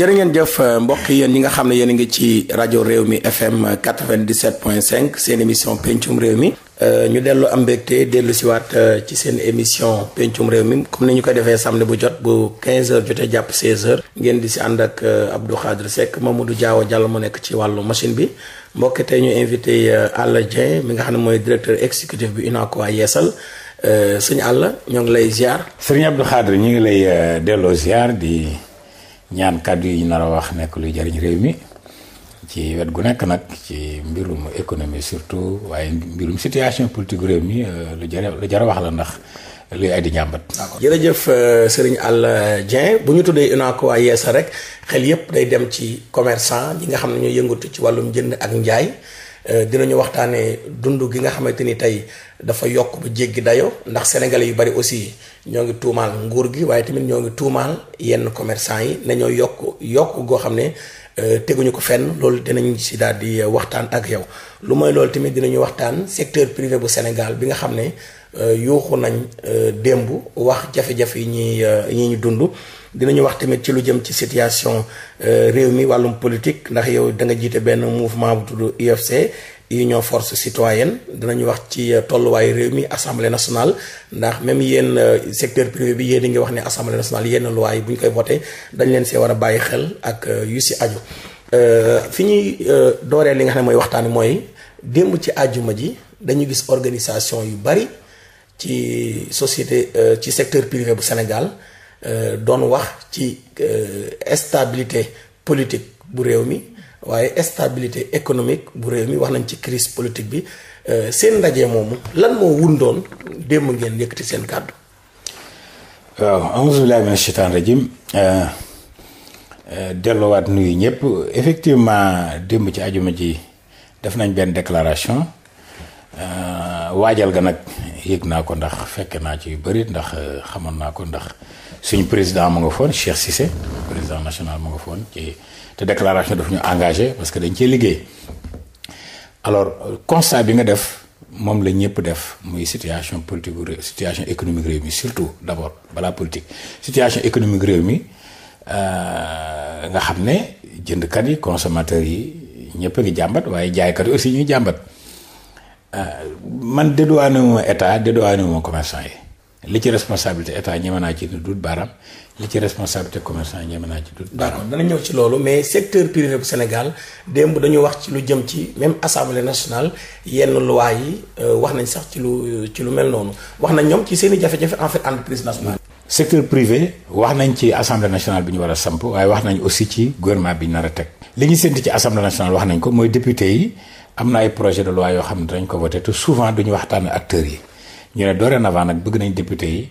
jërë ngeen jëf mbokk yéen ñi nga xam ne yéen a ngi ci rajo réew mi FM 97.5 seen émission pencum réew mi euh, ñu dellu am mbégte dellu siwaat euh, ci seen émission pencum réew mi comme ni ñu koy defee samedi bu jot bu 15h jotee jàpp 16h ngeen di si ànd ak euh, Abdou moom Seck Mamadou Diaw Diallo mu nekk ci wàllu machine bi mbokk tey ñu invité Alla Dieng mi nga xam ne mooy directeur exécutif bu UNACOIS Yeesal sëñ àll ñoo ngi lay ziar. sëriñ Abdou Khadre ñu ngi lay delloo ziar di. ñaan kàddu yi ñu wax nekk luy jariñ réew mi ci wet gu nekk nag ci mbirum économie surtout waaye mbirum situation politique réew mi euh, lu jar lu jar a wax la ndax luy ay di njàmbat. jërëjëf euh, Serigne Alla Dieng bu ñu tuddee UNACOIS waa yeesa rek xel yépp day dem ci commerçant yi nga xam ne ñooy yëngatu ci wàllum jënd ak njaay. Euh, ñu waxtaanee dund gi nga xamante ni tey dafa yokk ba jéggi dayo ndax sénégalais yu bari aussi ñoo ngi tuumaal nguur gi waaye tamit ñoo ngi tuumaal yenn commerçant yi nañoo yokk yokk goo xam ne euh, teguñu ko fenn loolu dinañ si daal di euh, waxtaan ak yow lu mooy loolu tamit dinañu waxtaan secteur privé bu Sénégal bi nga xam ne euh, yuuxu nañ démb wax jafe-jafe yi ñuy ñi ñu dund dinañu wax tamit ci lu jëm ci situation réew mi wàllum politique ndax yow da nga jiite benn mouvement bu tudd UFC union force citoyenne dinañu wax ci euh, tolluwaayu réew mi assemblée national ndax même yéen euh, secteur privé bi yéen a ngi wax ne assemblée nationale yenn loi yi bu ñu koy voté dañ leen see war a bàyyi xel ak euh, yu si aju fi ñuy dooree li nga xam ne mooy waxtaan mooy démb ci àjjuma ji dañu gis organisation yu bari ci société ci secteur privé bu Sénégal doon wax ci stabilité politique bu réew mi waaye stabilité économique bu réew mi wax nañ ci crise politique bi euh, seen ndaje moomu lan moo wundoon démb ngeen yëkkati seen kàddu. waaw auzu billaahi mina sheytaani rajiim euh, euh, delluwaat nuyu ñëpp effectivement démb ci ajuma ji def nañ benn déclaration waajal ga nag yëg naa ko ndax fekke naa ci yu bëri ndax xamoon naa ko ndax suñu président mu nga foon Cheikh Cissé président national mu nga foon ci. te déclaration daf ñu engagé parce que dañ cee liggéey alors constat bi nga def moom la ñëpp def muy situation politique situation économique réew mi surtout d'abord balaa politique situation économique réew mi euh, nga xam ne jëndkat yi consommateurs yi ñëpp a ngi jàmbat waaye jaaykat yi aussi ñuy jàmbat euh, man dédouané wu ma état dédouané wu ma yi. li ci responsabilité état ñeme naa ci dut baaraam li ci responsabilité commerçant ñeme naa ci dut baaraam. dana ñëw ci loolu mais secteur privé bu Sénégal démb dañu wax ci lu jëm ci même assemblée nationale yenn loi yi euh, wax nañ sax ci lu ci lu mel noonu wax nañ ñoom ci seen i jafe-jafe en fait entreprise nationale. secteur privé wax nañ ci assemblée nationale bi ñu war a samp waaye wax nañ aussi ci gouvernement bi ñu nar a teg. li ñu séntu ci assemblée nationale wax nañ ko député yi am na ay projet de loi yoo xam ne dañ ko souvent duñu waxtaan ak yi. ñu ne dorénavant nag bëgg nañ député yi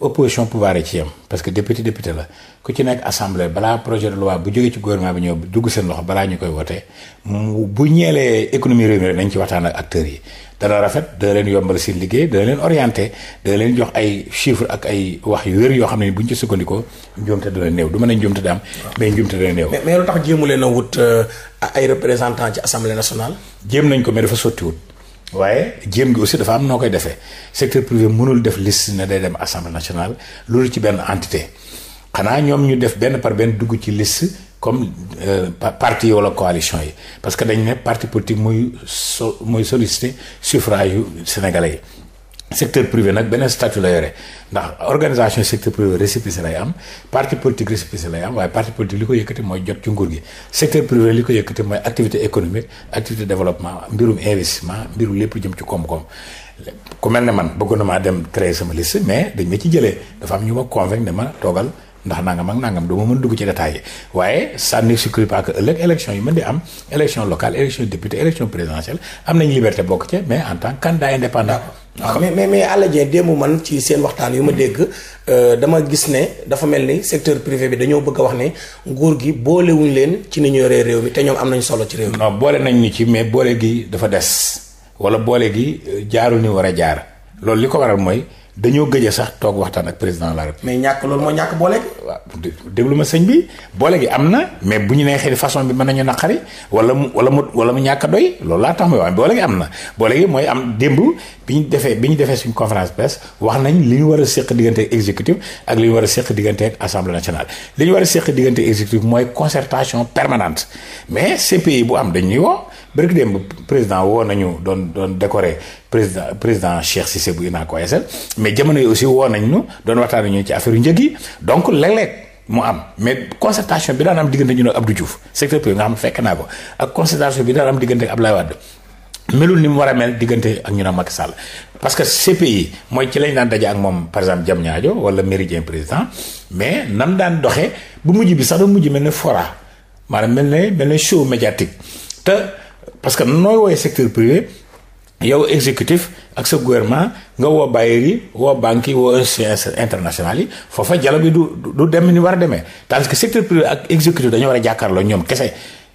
opposition pouvoir yi ci yem parce que député député la ku ci nekk assemblée balaa projet de loi bu jógee ci gouvernement bi ñëw dugg seen loxo balaa ñu koy wotee bu ñeelee économie réew mi rek nañ ci waxtaan ak acteurs yi dana rafet dana leen yombal seen liggéey dana leen orienté dana leen jox ay chiffres ak ay wax yu wér yoo xam ne bu ñu ci sukkandikoo njuumte dana néew du mën a njuumte daam mais njuumte dana néew mais lu tax jéemu leen a wut euh, ay représentants ci assemblée nationale jéem nañ ko mais dafa sottiwut waaye jéem ngi aussi dafa am noo koy defee secteur privé mënul def list ne day dem assemblée nationale loolu ci benn entité xanaa ñoom ñu def benn par benn dugg ci list comme euh, parti wala coalition yi parce que dañ ne parti politique muy so muy sollicité suffrage yu sénégalais yi secteur privé nag beneen statut la yore ndax organisation secteur privé récépissé lay am parti politique récépissé lay am waaye parti politique li ko yëkkati mooy jot ci nguur gi secteur privé li ko yëkkati mooy activité économique activité développement mbirum investissement mbirum lépp jëm ci koom-koom ku mel ne man bëggoon na maa dem créer sama liste mais dañ ma ci jëlee dafa am ñu ma convaincre ne ma toogal ndax nangam ak nangam du ma mën dugg ci détails yi waaye ça n'exclut pas que ëllëg élection yi mën di am élection locale élection député élection présidentielle am nañ liberté bokk ci mais en tant que candidat indépendant. waaw ah, mais mais mais Alla Dieng démb man ci seen waxtaan yu ma dégg euh, dama gis ne dafa mel ni secteur privé bi dañoo bëgg a wax ne nguur gi boolewuñ leen ci ni ñu yoree réew mi te ñoom am nañ solo ci réew mi. non boole nañ ñu ci mais boole gi dafa des wala boole gi euh, jaarul ni war a jaar loolu li ko waral mooy. dañoo gëj sax toog waxtaan ak président la République. mais ñàkk loolu moo ñàkk boole gi. waaw déglu sëñ bi boole gi am na mais bu ñu neexee façon bi mën nañu naqari wala mu wala mu wala mu ñàkk doy loolu laa tax mooy waaye boole gi am na. boole gi mooy am démb bi ñu defee bi ñu defee suñu conférence presse wax nañ li ñu war a séq diggante ak exécutif ak li ñu war a séq diggante ak assemblée nationale. li ñu war a séq diggante exécutif mooy concertation permanente mais CPI bu am dañ ñuy woo. bërëk démb président woo nañu doon doon décoré président président Cheikh Cissé bu UNACOIS SN mais jamono yi aussi woo nañ ñu doon waxtaan ñu ci affaire yu njëg yi donc léeg-léeg mu am mais concertation bi daan am diggante ñu ne Abdou Diouf secteur privé nga xam ne fekk naa am diggante Abdoulaye Wade melul ni mu war a mel diggante ak ñun a Macky Sall parce que CPI mooy ci lañ daan daje ak moom par exemple Diamniadio wala Méridien président mais nam daan doxee bu mujj bi sax da mujj mel ne fora maanaam mel ne mel ne show médiatique parce que nooy woowee secteur privé yow exécutif ak sa gouvernement nga woo bailleurs woo banques yi woo institutions internationales yi foofa dialogue bi du du dem ni war a demee parce que secteur privé ak exécutif dañoo war a jàkkaarloo ñoom kese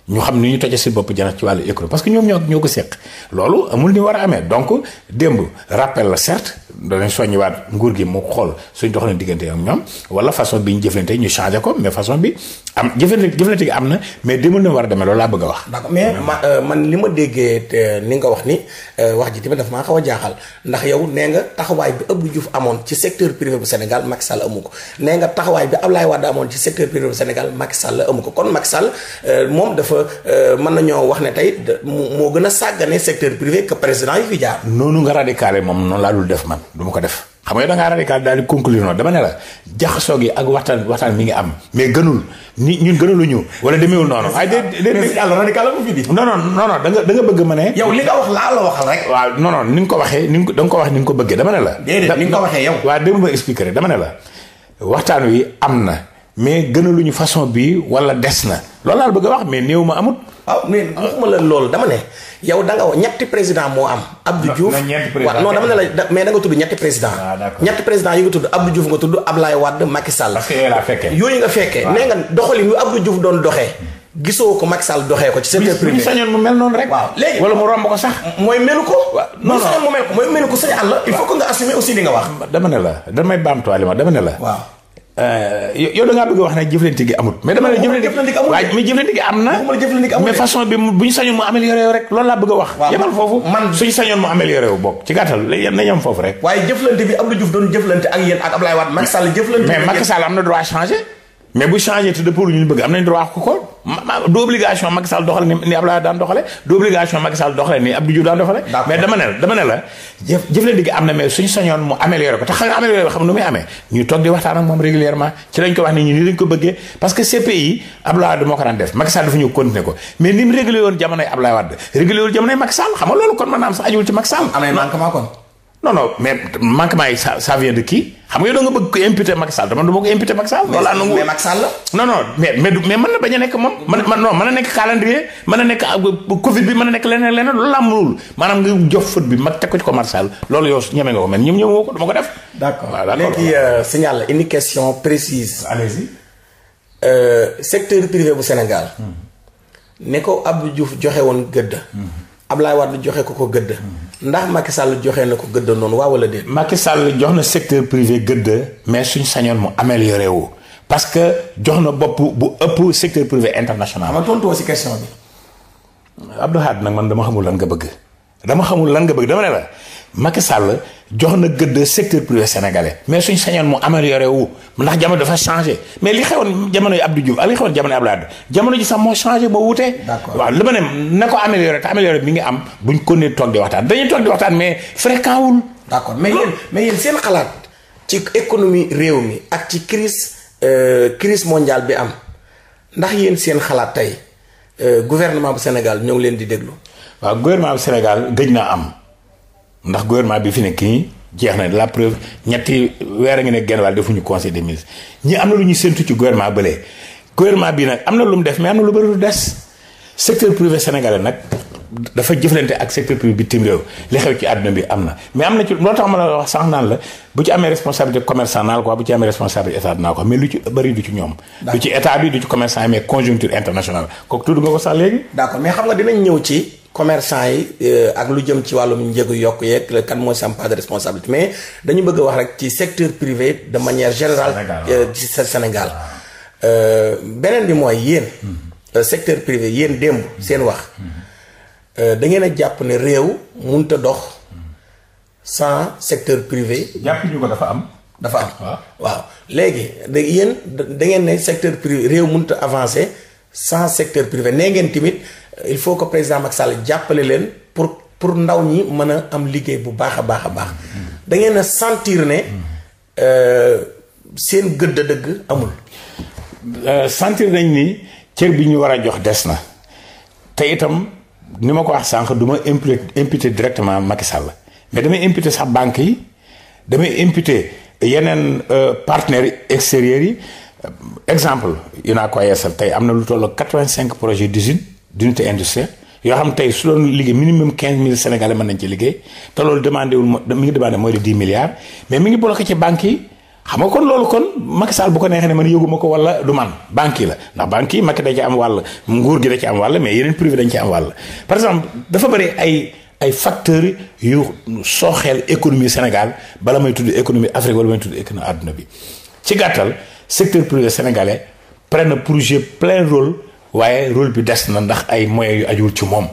ñu xam ni ñu toje si bopp janax ci wàllu économie parce que ñoom ñoo ñoo ko seq loolu amul ni war a amee donc démb rappel la certes danañ soññiwaat nguur gi mu xool suñ dox na diggante ak ñoom wala façon bi ñu jëflante ñu changé ko mais façon bi am jëfandikoo jëfandikoo gi am na mais demul na war a demee loolu laa bëgg a wax. mais ma euh, man li ma déggee ni nga wax ni euh, wax ji tamit dafa maa xaw a jaaxal ndax yow nee nga taxawaay bi Abdou Diouf amoon ci secteur privé bu Sénégal Macky Sall amu ko nee nga taxawaay bi Abdoulaye Wade amoon ci secteur privé bu Sénégal Macky Sall amu ko kon Macky Sall euh, moom dafa mën ñoo wax ne tey moo gën a sàggane secteur privé que président yi fi jaar. noonu nga radicalé moom noonu laa def man du ma ko def. xam nga da ngaa radical daal di conclure noonu dama ne la jaxasoo gi ak waxtaan waxtaan mi ngi am mais gënul ni ñun gënuluñu wala demeewul noonu. ay déet déet yàlla radical la mu fi di. non non non non da nga da nga bëgg ma ne. yow li nga wax laa la waxal rek. waaw non non ni nga ko waxee ni nga ko da ko wax ni nga ko bëggee dama ne la. déedéet ni nga waxee yow. waaw déglu ma dama ne la waxtaan wi am na mais gënaluñu façon bi wala des na loolu laa bëgg a wax mais néew ma amut. waaw ah, mais waxuma loolu dama ne yow da nga wax ñetti président moo am. Abdou Diouf waaw non dama la mais da nga tudd ñetti président. Ah, ñetti président yi nga tudd Abdou Diouf nga tudd Ablaye Wade Macky Sall. yooyu fekkee yooyu nga fekkee. nee doon doxee. gisoo ko Macky Sall doxee ko ci secteur privé bu sañoon noonu rek. wala mu romb ko sax. mooy ko. non ko mooy melu ko sañ aussi li nga wax. dama ne la damay baamtuwaale ma dama ne la. Euh, yow da ngaa bëgg wax ne jëflante gi amut. mais dama ne jëflante gi amut waaye mais jëflante gi am na. mais façon bi bu ñu sañoon mu amélioré wu rek loolu laa bëgg a wax. waaw foofu man suñu sañoon mu amélioré wu bokk ci gàttal léegi yem nañu am foofu rek. waaye jëflante bi Abdou Diouf doon jëflante ak yéen ak Ablaye Wade Macky Sall jëflante. am na droit changer. mais bu changé te dëppoo ñu bëgg am nañ droit ko ko du obligation Macky Sall doxale ni Abdoulaye daan doxale du obligation Macky Sall doxale ni Abdou Diouf daan di que CPI Abdoulaye Wade moo ko daan def Macky Sall dafa ñëw continuer ko mais ni régulé woon jamonoy Abdoulaye Wade régulé woon jamonoy Macky Sall xam nga loolu kon mën naa am sax ajuwul ci Macky Sall am na manquement kon non mais manquement yi ça ça vient de qui xam nga yow da nga bëgg ko imputer Macky Sall dama du ma ko imputer Macky Sall. loolu ànd mais Macky a nekk moom. mën na ah, bi mën na leneen leneen loolu laa mënul maanaam nga jox fët bi mag teg ko ci ko Macky Sall loolu yow ñeme nga ko mais ñoom ñoom woo ko dama ko def. d' accord waaw d' question précise. allez-y. Euh, secteur privé bu Sénégal. Hmm. ne ko Abdou Diouf joxe woon gëdd. Hmm. Ablaye Wade joxe ko ko gëdd. ndax Macky Sall joxe na ko gëdd noonu waaw wala déet. Macky Sall jox na secteur privé gëdd mais suñ sañoon mu amélioré wu parce que jox na bopp bu ëpp secteur privé international. ma tontoo si question bi. Abdou Hadj nag man dama xamul lan nga bëgg. dama xamul lan nga bëgg dama ne la Macky Sall jox na gëdd secteur privé sénégalais mais suñ sañoon mu amélioré wu ndax jamono dafa changé mais li xewoon jamono yi Abdou Diouf ak li xewoon jamono yi Abdoulaye jamono ji sax moo changé ba wute. d'accord waaw li ma ne na ko amélioré te amélioré mi ngi am buñ ko nee toog di waxtaan dañuy toog di waxtaan mais fréquent wul. d'accord mais yéen mais yéen seen xalaat ci économie réew mi ak ci crise euh, crise mondiale bi am ndax yéen seen xalaat tey euh, gouvernement bu Sénégal ñoo ngi leen di déglu. waaw gouvernement bu Sénégal gëj naa am ndax gouvernement bi fi nekk nii jeex na la preuve ñetti weer a ngi ne genn wàll defuñu conseil des ministres ñi am na lu ñu séntu ci gouvernement bële gouvernement bi nag am na lu mu def mais am na lu bëri lu des secteur privé sénégalais na mais am na ci loo tax ma la wax sànq naan la bu ci amee responsabilité commerçant naa la ko bu ci amee responsabilité état dinaa ko mais lu ci bëri du ci ñoom. du ci état bi du ci commerçant mais conjoncture internationale dinañ ñëw ci. commerçant yi euh, ak lu jëm ci wàllum njëgu yokk yeeg kan mooy sam part de responsabilité mais dañu bëgg a wax rek ci secteur privé de manière générale euh, ci sa Sénégal euh, beneen bi mooy yéen mm-hmm. secteur privé yéen démb mm-hmm. seen wax mm-hmm. da ngeen a jàpp ne réew mënut a dox sans secteur privé jàpp ñu dafa am dafa am waaw léegi da yéen da ngeen secteur privé réew mënut a avancer sans secteur privé nee ngeen tamit il faut que président Macky Sall jàppale leen pour pour ndaw ñi mën a am liggéey bu baax a baax a baax. dangeen ngeen a sentir ne euh, seen gëdd dëgg amul. Euh, sentir nañ ni cër bi ñu war a jox des na te itam ni ma ko wax sànq du ma imputer imputer directement Macky Sall mais damay imputer sax banque yi damay imputer yeneen euh, partenaires extérieurs yi exemple yu naa ko yeesal tey am na lu toll 85 projets d'usine d'unité industrielle yoo xam tey su doon liggéey minimum quinze mille sénégalais mën nañ ci liggéey te loolu demandé wul mi ngi demandé mooy de dix milliards mais mi ngi bloqué ci banques yi xam nga kon loolu kon Macky Sall bu ko neexee ne man yëguma ko wala du man banque yi la ndax banque yi Macky da ci am wàll nguur gi da ci am wàll mais yeneen privé dañ ci am wàll par exemple dafa bëri ay ay facteurs yu sooxeel économie Sénégal bala may tudd économie Afrique wala may tudd économie bi ci gàttal secteur privé sénégalais prenne pour jouer plein rôle waaye rôle bi des na ndax ay moyen yu ajul ci moom.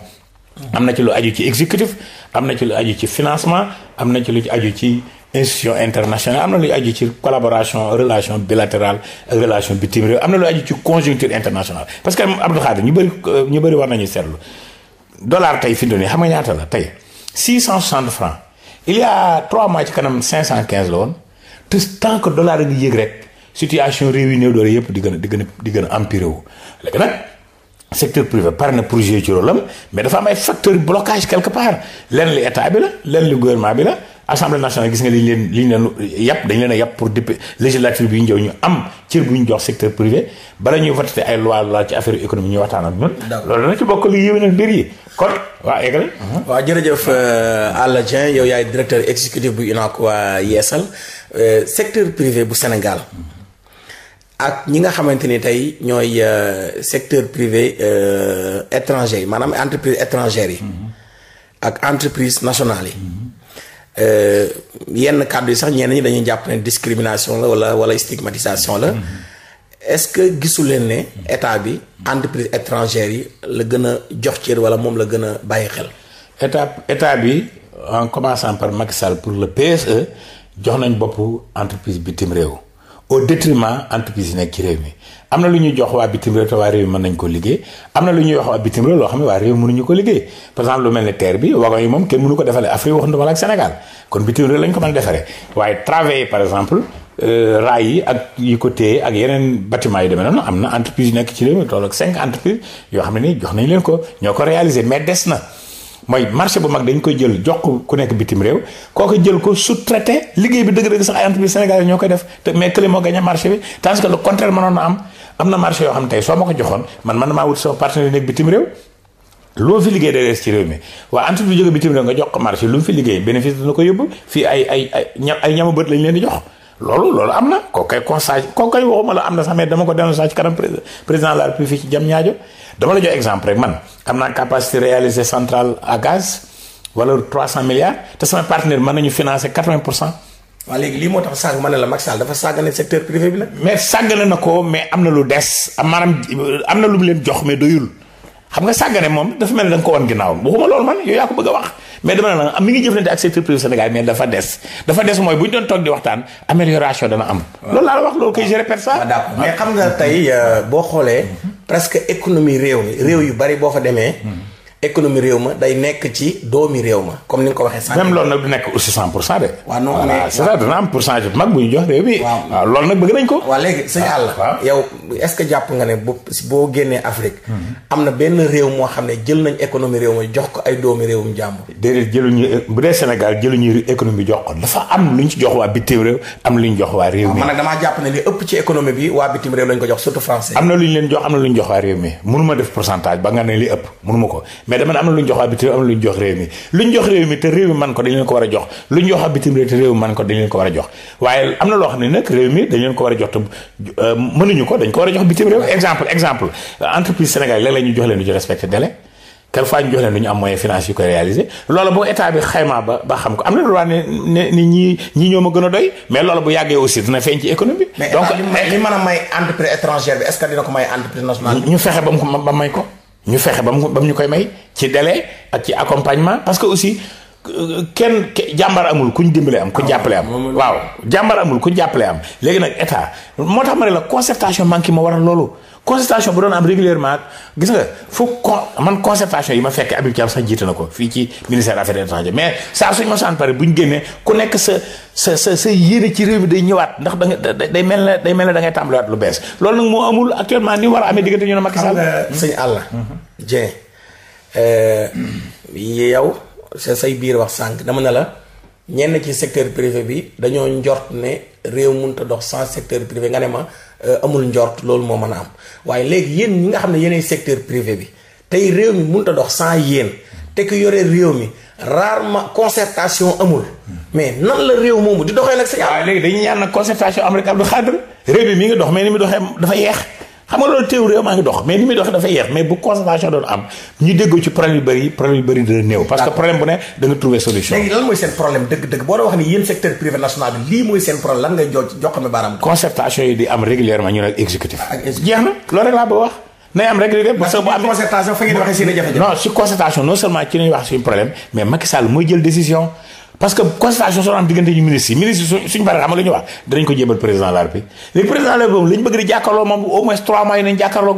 am na ci lu aju ci exécutif am na ci lu aju ci financement am na ci lu aju ci institution internationale am na lu aju ci collaboration relation bilatérale ak relation bitim réew am na lu aju ci conjoncture internationale. parce que Abdou Khadir ñu bëri ñu bëri war nañu seetlu dollar tey fi mu xam nga ñaata la tey 660 francs il y a 3 mois ci kanam 515 la woon te tant que dollar a ngi yéeg rek. situation réew yi néew doole yëpp di gën a di gën di gën am empiré wu léegi nag secteur privé pare na projet jouer ci rôle mais dafa am ay facteurs blocage quelque part lenn li état bi la lenn li gouvernement bi la assemblée nationale gis nga li leen li ñu leen yàpp dañu leen a yàpp pour député législature bi ñu ñëw ñu am cër bu ñu jox secteur privé bala ñuy voté ay loi la ci affaire économie ñu waxtaan ak ñun. loolu dana ci bokk li yéwénal mbir yi kon waa eggale. Uh-huh. waaw jërëjëf uh, Alla Dieng yow yaay directeur exécutif bu UNACOIS Yeesal uh, secteur bu Sénégal. ak ñi nga xamante ni tey ñooy euh, secteur privé euh, étranger yi maanaam entreprise étrangère yi. Mm-hmm. ak entreprise nationale yi. Mm-hmm. Euh, yenn kàddu yi sax ñenn ñi dañuy jàpp ne discrimination la wala wala stigmatisation la. Mm-hmm. est-ce que gisu leen ne état bi entreprise étrangère yi la gën a jox cër wala moom la gën a bàyyi xel. état état bi en commençant par Macky pour le PSE jox nañ bopp entreprise bitim réew. au détriment entreprise yi nekk ci réew mi am na lu ñuy jox waa bitim réew te waa réew mën nañ ko liggéey am na lu ñuy wax waa bitim réew loo xam ne waa réew mënuñu ko liggéey par exemple lu mel ne terre bi wagon yi moom kenn mënu ko defaree Afrique waxantuma la ak Sénégal kon bitim réew lañ ko mën a defaree waaye travailler par exemple euh, raay yi ak yi ko téye ak yeneen batiment yi deme noonu am na entreprise yu nekk ci réew mi tool ak cinq entreprise yoo xam ne nii jox nañ leen ko ñoo ko réaliser mais des na mooy marché bu mag dañ koy jël jox ko ku nekk bitim réew kooku jël ko sous-traité liggéey bi dëgg-dëgg sax ay entreprise sénégalais ñoo koy def te mais kële moo gagné bi tandis na am am na marché yoo xam tey soo ma ko joxoon man man maa wut sama partenaire yu nekk bitim réew loo fi liggéey day des ci réew mi waa entreprise bi jóge bitim réew nga jox ko marché lu mu fi liggéey bénéfice dina ko yóbbu fii ay ay ñam ay ñamu bët lañ leen di jox loolu loolu am na kooku kay constat kooku kay waxuma la am na dama ko dénoncé ci kanam président de la République dama la jox exemple rek man am naa capacité réaliser centrale à gaz valeur 300 milliards te sama partenaire mën nañu financer 80 pour cent. waaw léegi lii moo tax sànq ma ne la Macky Sall dafa sàggane secteur privé bi nag. mais sàggane na ko mais am na lu des maanaam am na lu mu leen jox mais doyul. xam nga sàggane moom dafa mel ne da nga ko wan ginnaaw waxuma loolu man yow yaa ko bëgg a wax mais dama ne la mi ngi jëflante ak secteur privé Sénégal mais dafa des dafa des mooy bu ñu doon toog di waxtaan amélioration dana am. loolu laa la wax loolu kay je répète ça. Ah, d'accord mais xam nga tey euh, boo xoolee. Mhm. presque économie réew mi réew yu bari boo fa demee. Mhm. économie réew ma day nekk ci doomi réew ma comme ni nga ko waxee. sànq lool loolu nag du nekk aussi 100 pour cent de. waaw non am pourcentage bu mag bu ñu jox réew mi. waaw waaw loolu nag bëgg ko. waaw léegi sëñ yow est-ce que jàpp nga ne bu boo génnee Afrique. Hmm. am na benn réew moo xam ne jël nañ économie réew ma jox ko ay doomi réewum jàmbur. déedéet jëluñu bu dee Sénégal jëluñu économie jox ko dafa am lu ñu ci jox waa bitim réew am lu ñu jox waa réew mi. man nag damaa jàpp na li ëpp ci économie bi waa bitim réew lañ ko jox surtout français. am na lu ñu leen jox am na lu ñu jox waa réew mi mënuma def pourcentage ba nga ne li ëpp mënuma ko mais dama ne am na lu ñu jox habitude am réew mi lu ñu jox réew mi te réew mi man ko dañ leen ko war a jox lu ñu jox habitude réew te réew mi man ko a jox waaye am na loo xam ne nag réew mi dañ leen ko war a jox te euh, mënuñu ko dañ ko war a jox bitim réew exemple exemple entreprise Sénégal léeg-léeg ñu jox leen du ñu respecté délai quelquefois ñu jox leen du ñu am moyen financier yu koy réaliser loolu boo état bi xaymaa ba ba xam ko am na lu ne ne ni ñii ñii ñoo gën a doy mais loolu bu yàggee aussi dina feeñ ci économie bi. donc ah, eh, li mën a may entreprise étrangère may entreprise ñu fexe ba mu ba mu ñu koy may ci délai ak ci accompagnement parce que aussi kenn jàmbar amul ku ñu dimbale am kuñ ah, jàppale am waaw jàmbar amul kuñ jàppale am léegi nag état moo tax ma ne la concertation manqué ma a loolu concertation bu doon am régulièrement gis nga foog con man concertation yi ma fekk Habib Thiam sa jiite na ko fii ci ministère affaires étrangères mais saa suñ ma saan pare bu ñu génnee ku nekk sa sa sa sa yéene ci réew mi day ñëwaat ndax da day mel na day mel ne da ngay tàmbaliwaat lu bees loolu nag moo amul actuellement ni war a amee diggante ñu ne Macky Sall. sëñ Alla. Euh, yow sa say biir wax sànq dama ne la ñenn ci secteur privé bi dañoo njort ne réew mënut a dox sans secteur nga ne ma. Euh, amul njort loolu moo mën a am waaye léegi yéen ñi nga xam ne yeneen secteur privé bi tey réew mi mënut a dox sans yéen te ku yore réew mi ma concertation amul mais nan la réew moomu di doxee nag. sa yàlla léegi dañuy ñaan nag concertation am rek Abdou Khadre réew mi ngi dox mais ni mu doxee dafa yeex. xam nga loolu théorie maa ngi dox mais ni muy dox dafa yeex mais bu conservation doon am ñu déggoo ci problème yu bëri problème yu bëri néew parce que problème bu ne da trouver solution lii mooy seen problème lan ngay jo joxame yi di am régulièrement ñu nag exécutif jeex na loolu rek laa ba wax nay am rek parce que bu amee concertation si concertation non seulement ci nañu wax suñu problème mais Macky mooy jël décision parce que consultation soo am diggante ñu ministre yi ministre yi suñu paree xam nga lu ñuy wax danañ ko jébal président de la République léegi président de la République lañu bëgg di jàkkaarloo moom au moins 3 mois yi nañ jàkkaarloo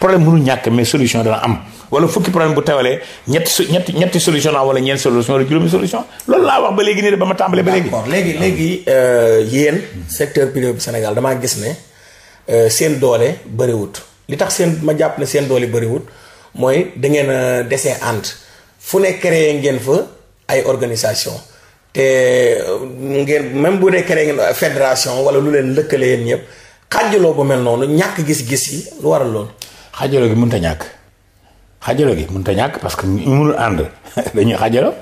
ñàkk mais solution dana am wala fukki problème bu tewalee ñetti solution la wala ñeent solution wala juróomi solution loolu laa wax ba léegi nii de ba ma tàmbalee ba léegi léegi léegi euh, yéen secteur privé bu Sénégal damaa gis ne euh, seen doole bëriwut li tax seen ma jàpp ne seen doole bëriwut mooy da ngeen a euh, desee ànd fu ne créé ngeen fa ay organisation te euh, ngeen même bu dee créé ngeen fédération wala lu leen lëkkale yéen ñëpp xaajaloo bu mel noonu ñàkk gis-gis yi lu waral loolu. xaajaloo gi mun a ñàkk xajaloo gi mun ta ñàkk parce que ñu mënul ànd dañuy xaajaloo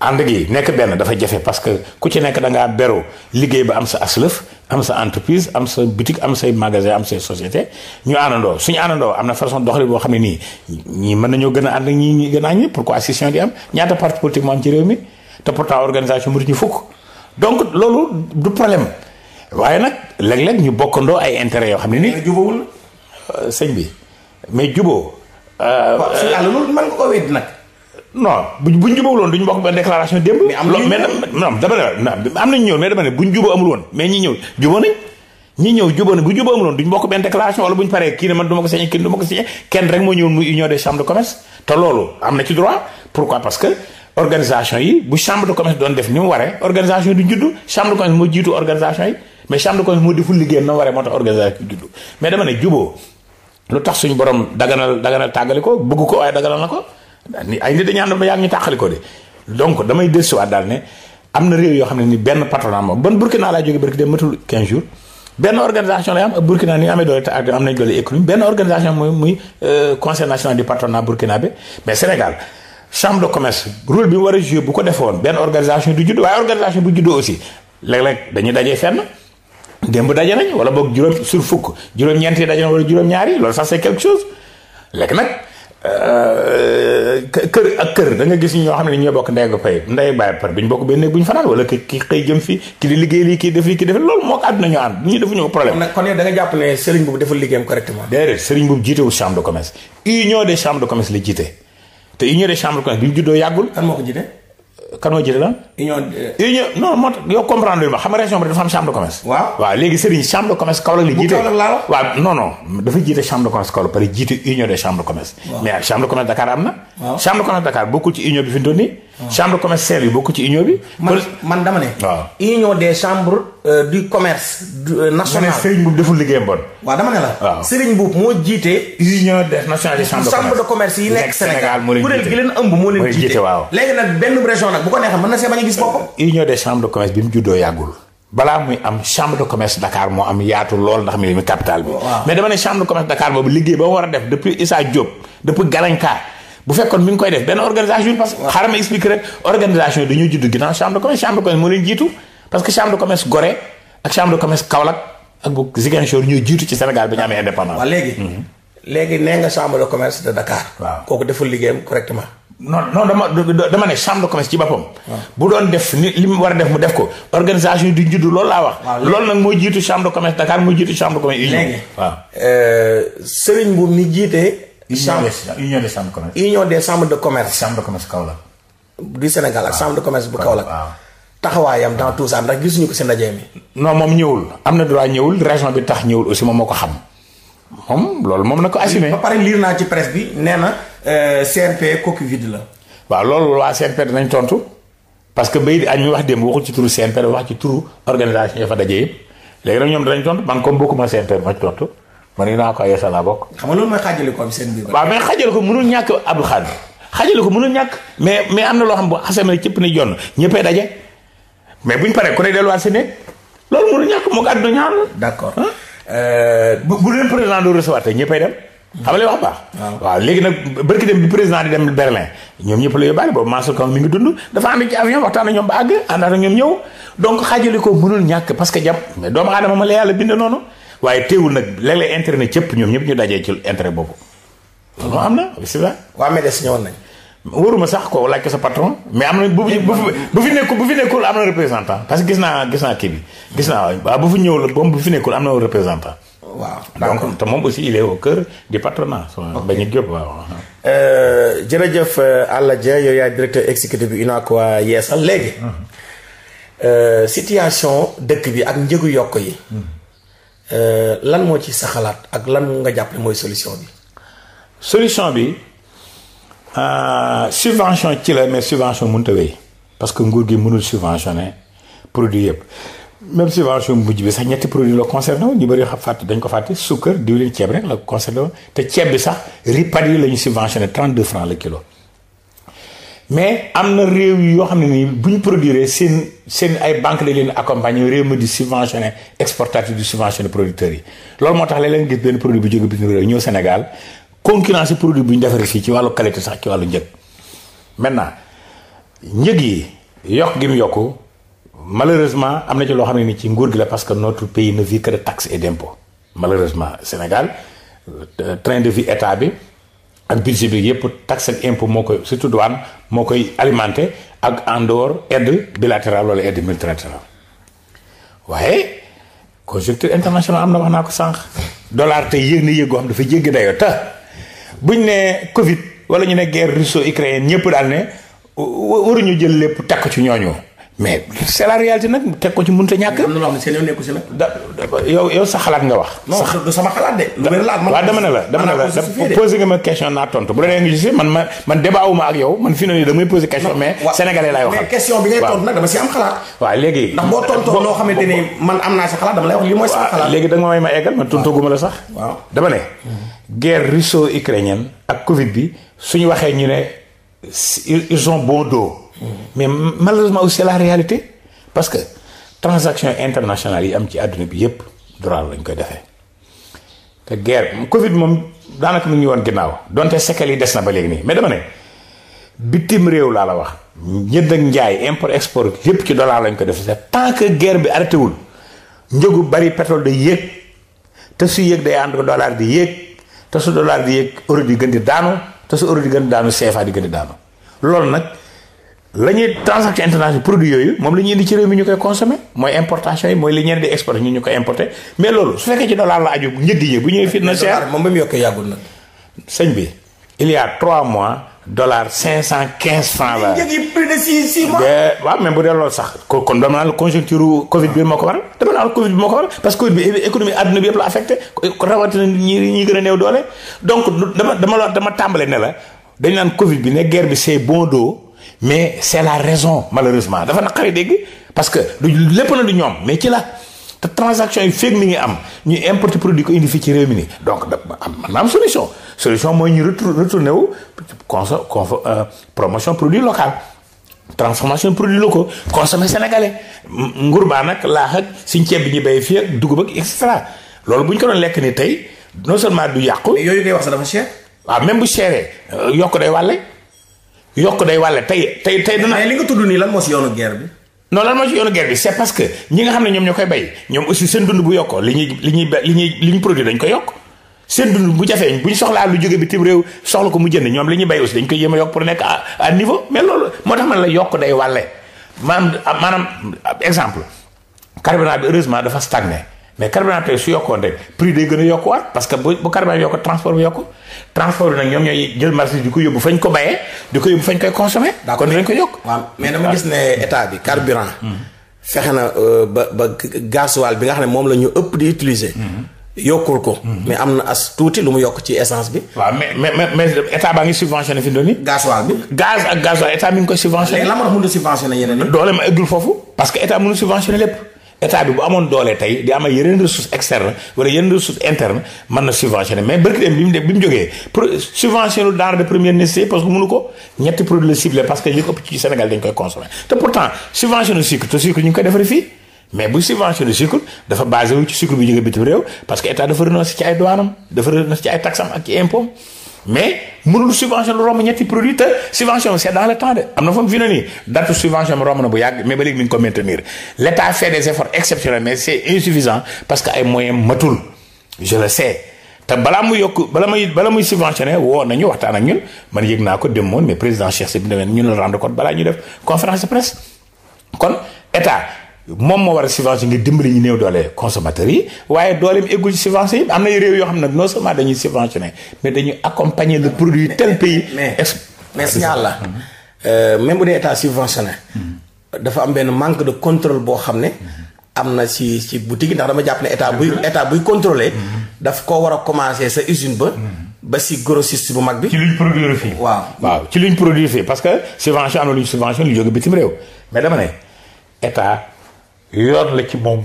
ànd gi nekk benn dafa jafe parce que ku ci nekk da ngaa beru liggéey ba am sa aslëf am sa entreprise am sa boutique am say magasin am say société ñu àndandoo suñu àndandoo am na façon doxalin boo xam ne nii ñii mën nañoo gën a ànd ñii ñi gën a àññi pourquoi scission di am ñaata parti politique moo am ci réew mi te pourtant organisation mu ñu fukk donc loolu du problème waaye nag léeg-léeg ñu bokkandoo ay intérêts yoo xam ne nii. jubawul euh, sëñ bi mais juboo. Euh, waaw suñu àll loolu mën nga ko wéddi nag. non buñ buñ jubóowul woon duñu bokk benn déclaration démb. mais am mais non dama ne am nañu ñëw mais dama ne buñ jubóo amul woon mais ñi ñëw bu jubóo amul woon de commerce te am na ci droit pourquoi parce que organisation yi bu chambre de commerce doon def ni na mu waree moo tax organisation dama ne jubóo lu tax suñu borom daganal daganal tàggali ko bëgg ko waaye daganal na ko ni ay nit dañu ànd ba yàgg ñu tàqali ko de donc damay dellusiwaat daal ne am na réew yoo xam ne ni benn patronat moom ban Burkina laa jógee barki dem matul 15 jours benn organisation lay am Burkina ni amee doole te ak am nañ doole économie benn organisation mooy muy euh, conseil national du patronat burkinabé mais Sénégal chambre de commerce rôle bi war a jouer bu ko defoon benn organisation du judd waaye organisation bu juddoo aussi léeg-léeg dañuy dajee fenn démb daje nañ wala boog juróom sur fukk juróom-ñeent yi wala juróom-ñaar yi loolu sax c'est nag. Euh, euh, kër ak kër da nga gis ñoo xam ne ñooy bokk ndey ak fay ndey bàyyi par duñ bokk benn néeg bu fanaan wala ki xëy jëm fi ki di liggéey lii kii def lii kii def loolu moo ko àdduna ñoo ànd ñii defuñu problème. kon nag kon jàpp ne Serigne Boubou deful liggéeyam correctement. déedéet Serigne Boubou jiitewul chambre de commerce union des chambres de commerce la jiite te union des chambres de commerce bi juddoo yàggul. kan moo ko jiite. kanoo jël lan. union euh, union non moo tax yow comprendre lu ma xam région bi dafa am chambre de waaw waaw léegi Serigne chambre de commerce la jiite. waaw non non dafa jiite chambre de commerce Kaolack jiite union des chambres de mais chambre de commerce am na. chambre de commerce Dakar ci union bi fi mu chambre commerciale yi bokk ci union bi. man man dama ne. waaw union des chambres euh, du commerce euh, national. ma ne Serigne Mboup deful liggéeyam bon. waaw dama ne la. waaw Serigne Mboup moo jiite. union des nationales de chambre de commerce yi nekk Sénégal moo leen jiite kuréel gi leen ëmb moo leen jiite waaw. léegi nag benn région nag bu ko neexee mën na see bañ a gis boppam. union des chambres de commerce bi mu juddoo yàggul. balaa muy am chambre de commerce Dakar moo am yaatu lool ndax mi li muy capital bi. mais dama ne chambre de commerce Dakar boobu liggéey a bu fekkoon mi ngi koy def benn organisation parce que xaaral ma expliquer rek organisation yi dañoo judd ginnaaw chambre de commerce chambre de commerce moo leen jiitu parce que chambre de commerce Gorée ak chambre de commerce Kaolack ak bu Ziguinchor ñoo jiitu ci Sénégal bi ñu amee indépendance. waaw mhm. léegi. nee nga chambre de commerce de Dakar. waaw kooku deful liggéeyam correctement. non non dama dama ne chambre de commerce ci boppam. bu doon def ni li mu war a def mu def ko organisation du judd lool laa wax. loolu nag moo jiitu chambre de commerce Dakar moo jiitu chambre de commerce. léegi waaw. Euh, sëriñ bu mi jiite union des chambres de commerce. union des chambres de commerce. chambre de commerce Kaolack. du Sénégal ak chambre de commerce bu Kaolack. taxawaayam dans tout ça ndax gisuñu ko si ndaje mi. non moom ñëwul am na droit ñëwul région bi tax ñëwul aussi moom moo ko xam. moom loolu moom na ko assumé. ba pare liir naa ci presse bi nee na euh, CNP coquille vide la. waaw loolu waa CNP dinañ tontu parce que bay di añ mi wax démb waxul ci turu CNP wax ci turu organisation ya fa daje yëpp léegi nag ñoom danañ tontu man comme bokkuma CNP ma ci tontu. man ni naa ko yeesa laa ah, bokk. xam nga loolu mooy xaajale ko seen biir. waaw mais xaajale ko mënul ñàkk Abdou Khadre xaajale ñàkk mais mais am na loo xam bu xasee ma cëpp ni jonn mais buñ paree ku ne delluwaat si nekk loolu mënul ñàkk moog àdduna ñaar la. d'accord euh, bu bu leen président doo recevoir te ñëppay dem. xam nga wax baax. waaw léegi nag barki dem bi président di dem Berlin ñoom ñëpp la yóbbaale boobu Mansour dafa ànd ci ñoom ñëw donc xaajale ko ñàkk parce que jàpp mais doomu aadama ma la yàlla bind noonu waaye téewul nag léeg-léeg intérêt na cëpp ñoom ñëpp ñu dajee ci intérêt boobu. loolu am na si bisimilah. waa MEDES ñëwoon nañ. waruma sax ko laaj ko sa patron. mais am na bu fi bu fi nekkul bu fi nekkul am na représentant parce que gis naa gis kii bi gis naa waaw bu fi ñëwul moom bu fi nekkul am na représentant. waaw donc te moom aussi il est au cœur du patronat. ok Mbagnick Diop waaw. Euh, jërëjëf euh, Alla Dia yow yaay directeur exécutif bi UNACOIS Yeesal léegi. Mm-hmm. Euh, situation dëkk bi ak njëgu yokk yi. Mm-hmm. Euh, lan moo ci sa xalaat ak lan nga jàpp mooy solution bi. solution bi euh, subvention ci la mais subvention mënut a wéy parce que nguur gi mënul subventionné produit yëpp même subvention mujj bi sax ñetti produit la concerné woon ñu bëri xam fàtte dañ ko fàtte sukkar diwlin ceeb rek la concerné woon te ceeb bi sax ripaat yi la ñu subventionné 32 francs le kilo. mais am na réew yoo xam ne nii bu ñu produire seen seen ay banque dañ leen accompagner réew ma di subventionné exportateur di subventionné producteurs yi loolu moo tax léeg-léeg nga gis benn produit bu jóge bitim réew ñëw Sénégal concurrence produit bu ñu defaree fii ci wàllu qualité sax ci wàllu njëg maintenant njëg yi yokk gi mu yokk malheureusement am na ci loo xam ne ni ci nguur gi la parce que notre pays ne vit que de taxes et d'impôts malheureusement Sénégal euh, train de vie état bi ak budget bi yëpp taxe ak impôt moo koy surtout douane moo koy alimenté ak en dehors aide bilatérale wala aide multilatérale waaye conjoncture internationale am na wax naa ko sànq dollar te yéeg na yéeg goo xam dafa jéggi dayoo te buñ ne Covid wala ñu ne guerre russo-ukrainienne ñëpp daal ne waruñu jël lépp takk ci ñooñu. mais c'est la réalité nag teg ko ci mun a ñàkk. am na loo xam ne seen da yow yow sa xalaat nga wax. sa non sama xalaat de. lu bëri la waaw dama ne la dama ne la da posé nga ma question naa tontu bu la nee nga man ma man débat wu ma ak yow man fi ne nii mais sénégalais laay wax mais question bi ngay tontu nag dama si am xalaat. waaw léegi. ndax boo tontoo loo xamante ni man am naa si xalaat dama lay wax li mooy sama xalaat. léegi da nga may ma eggal man tontaguma la sax. dama ne. guerre russo-ukrainienne ak Covid bi suñu waxee ñu ne ils ont bon doo mais malheureusement aussi c'est la réalité parce que transaction internationales yi am ci àdduna bi yépp dollar lañ koy defee te guerre Covid moom daanaka mu ngi woon ginnaaw donte sekkal yi des na ba léegi nii mais dama ne bitim réew laa la wax ñëdd ak njaay import export yépp ci dollar lañ ko defee te tant que guerre bi arrêté wul njëgu bari pétrole day yéeg te su yéeg day ànd ko dollar di yéeg te su dollar di yéeg euro di gën di daanu te su euro di gën di daanu CFA di gën di loolu nag. la ñuy transaction internationale produit yooyu moom la ñuy indi ci réew mi ñu koy consommé mooy importation yi mooy li ñeen di exporté ñu ñu koy importé mais loolu su fekkee ci dollar la aju njëg yi bu ñëwee. fii moom ba mu yokkee yàggul nag. sëñ bi il y mois dollar 515 francs la. njëg yi plus waaw même bu dee loolu sax. kon dama naan la Covid bi moo ko waral dama naan Covid bi moo ko waral parce que Covid bi économie àdduna bi yëpp la affecté rawatina ñi ñi gën a néew doole donc ne la dañ naan Covid bi ne guerre bi c'est bon dos. mais c'est la raison malheureusement dafa naqari dégg parce que du lépp na du ñoom mais ci la te transaction yi feek mi ngi am ñu importe produit ko indi fii ci réew mi nii donc da am am solution solution mooy ñu retourné wu conso euh, promotion produit local transformation produit locaux consommer sénégalais nguur baa nag laax ak suñ ceeb bi ñu béy fii ak dugub ak et loolu bu ñu ko doon lekk ni tey non seulement du yàqu. yooyu ngay wax sax dafa cher. waa ah, même bu chéré euh, yokk day wàlle. yokk day wàlle tey tey tey dana. mais li nga tudd nii lan moo si yoonu guerre bi. non lan moo si yoonu guerre bi c'est parce que ñi nga xam ne ñoom ñoo koy bay ñoom aussi seen dund bu yokkoo li ñuy li ñuy produit dañ ko yokk seen dund bu jafee bu ñu soxlaa lu jóge bitim réew soxla ko mu jënd ñoom li ñuy bay aussi dañ koy yéem a yokk pour nekk à niveau mais loolu moo tax man la yokk day wàlle maanaam maanaam exemple carburant bi heureusement dafa stagné mais carburant tey su yokkoon rek prix day gën a yokkuwaat parce que bu bu carburant yokk transport bi yokku transport bi nag ñoom ñooy jël marché di ko yóbbu fañ ko bayee di ko yóbbu fañ koy consommé. kon dañ ko yokk. waaw mais dama gis ne état bi hmm. na euh, bi nga xam ne moom la ñu ëpp di utiliser. Hmm. yokkul ko. Hmm. mais am na as tuuti lu mu yokk ci essence bi. waaw mais mais état baa ngi subventionné fi mu doon nii. gasoil bi. gaz ak gasoil état mi ngi koy subventionné. doole ma eggul foofu parce état mënul subventionné lépp. état bi bu amoon doole tey di am ay yeneen ressources externes wala yeneen ressources internes mën na subventionné mais barki dem bi mu bi mu jógee subventionné lu de première nécessité parce que mënu ko ñetti produits la ciblé parce que ñu koy defaree fii mais bu subventionné sucre dafa basé wu ci sucre bi jógee bitim réew parce que état dafa renoncé ci ay douanam dafa renoncé ci ay taxam ak ci impôt mais mënul subvention lu romb ñetti produit te subvention c' est dans le temps de am na fa mu fi ne nii datu subvention bi romb na bu yàgg mais ba léegi mi ngi ko maintenir l' fait des efforts exceptionnels mais c' insuffisant parce que ay moyens matul je le sais te balaa mu yokk bala muy bala muy subventionné woo nañu waxtaan ak ñun man yëg naa ko demoon mais président Cheikh si bi demee ñun la rendre compte balaa ñu def conférence moom moo war a subventionné dimbali ñu néew doole consommateurs yi waaye dooleem eggul ci subvention yi am na réew yoo xam ne non seulement dañuy subventionné mais dañuy accompagner le produit tel pays. mais mais signal la euh, même bu dee état subventionné. Mm-hmm. dafa am benn manque de contrôle boo xam ne. Mm-hmm. am na ci ci boutique yi ndax dama jàpp ne état buy état buy contrôler mm-hmm. daf ko war a commencer sa usine ba. ba si grossiste bu mag bi. ci luñ produire fii. waaw waaw ci luñ produire fii parce que subvention am na luñ subvention lu jóge bitim réew mais dama ne état. yoon la ci moom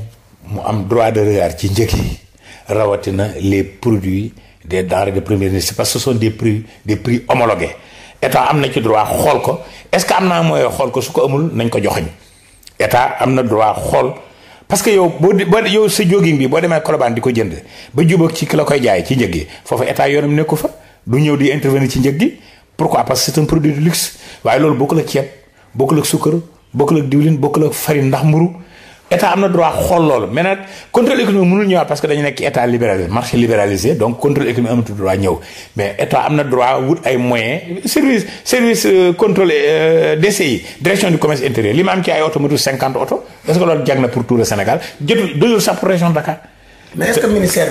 mu am droit de regard ci njëg yi rawatina les produits de denrées de première nécessité parce que ce de des prix des prix homologués état am na ci droit xool ko est-ce que am naa mooy xool ko su ko amul nañ ko joxoñ état am na droit xool parce que yow boo boo yow sa jogging bi boo demee Colobane di ko jënd ba jubóog ci ki koy jaay ci njëg yi foofu état yoonam nekku fa du ñëw di intervenir ci njëg gi pourquoi parce que c'est un produit de luxe waaye loolu bokkul ak ndax mburu état am na droit xool loolu mais nag contrôle économique mënul ñëwaat parce que dañu nekk état libéralisé marché libéralisé donc contrôle économique amatul droit ñëw mais état am na droit wut ay moyens service service euh, contrôle euh, DCI direction du commerce intérieur li ma am ci ay oto matul cinquante oto est ce que loolu jag na pour tout le Sénégal jotul doyul sax pour région Dakar. mais est ce que ministère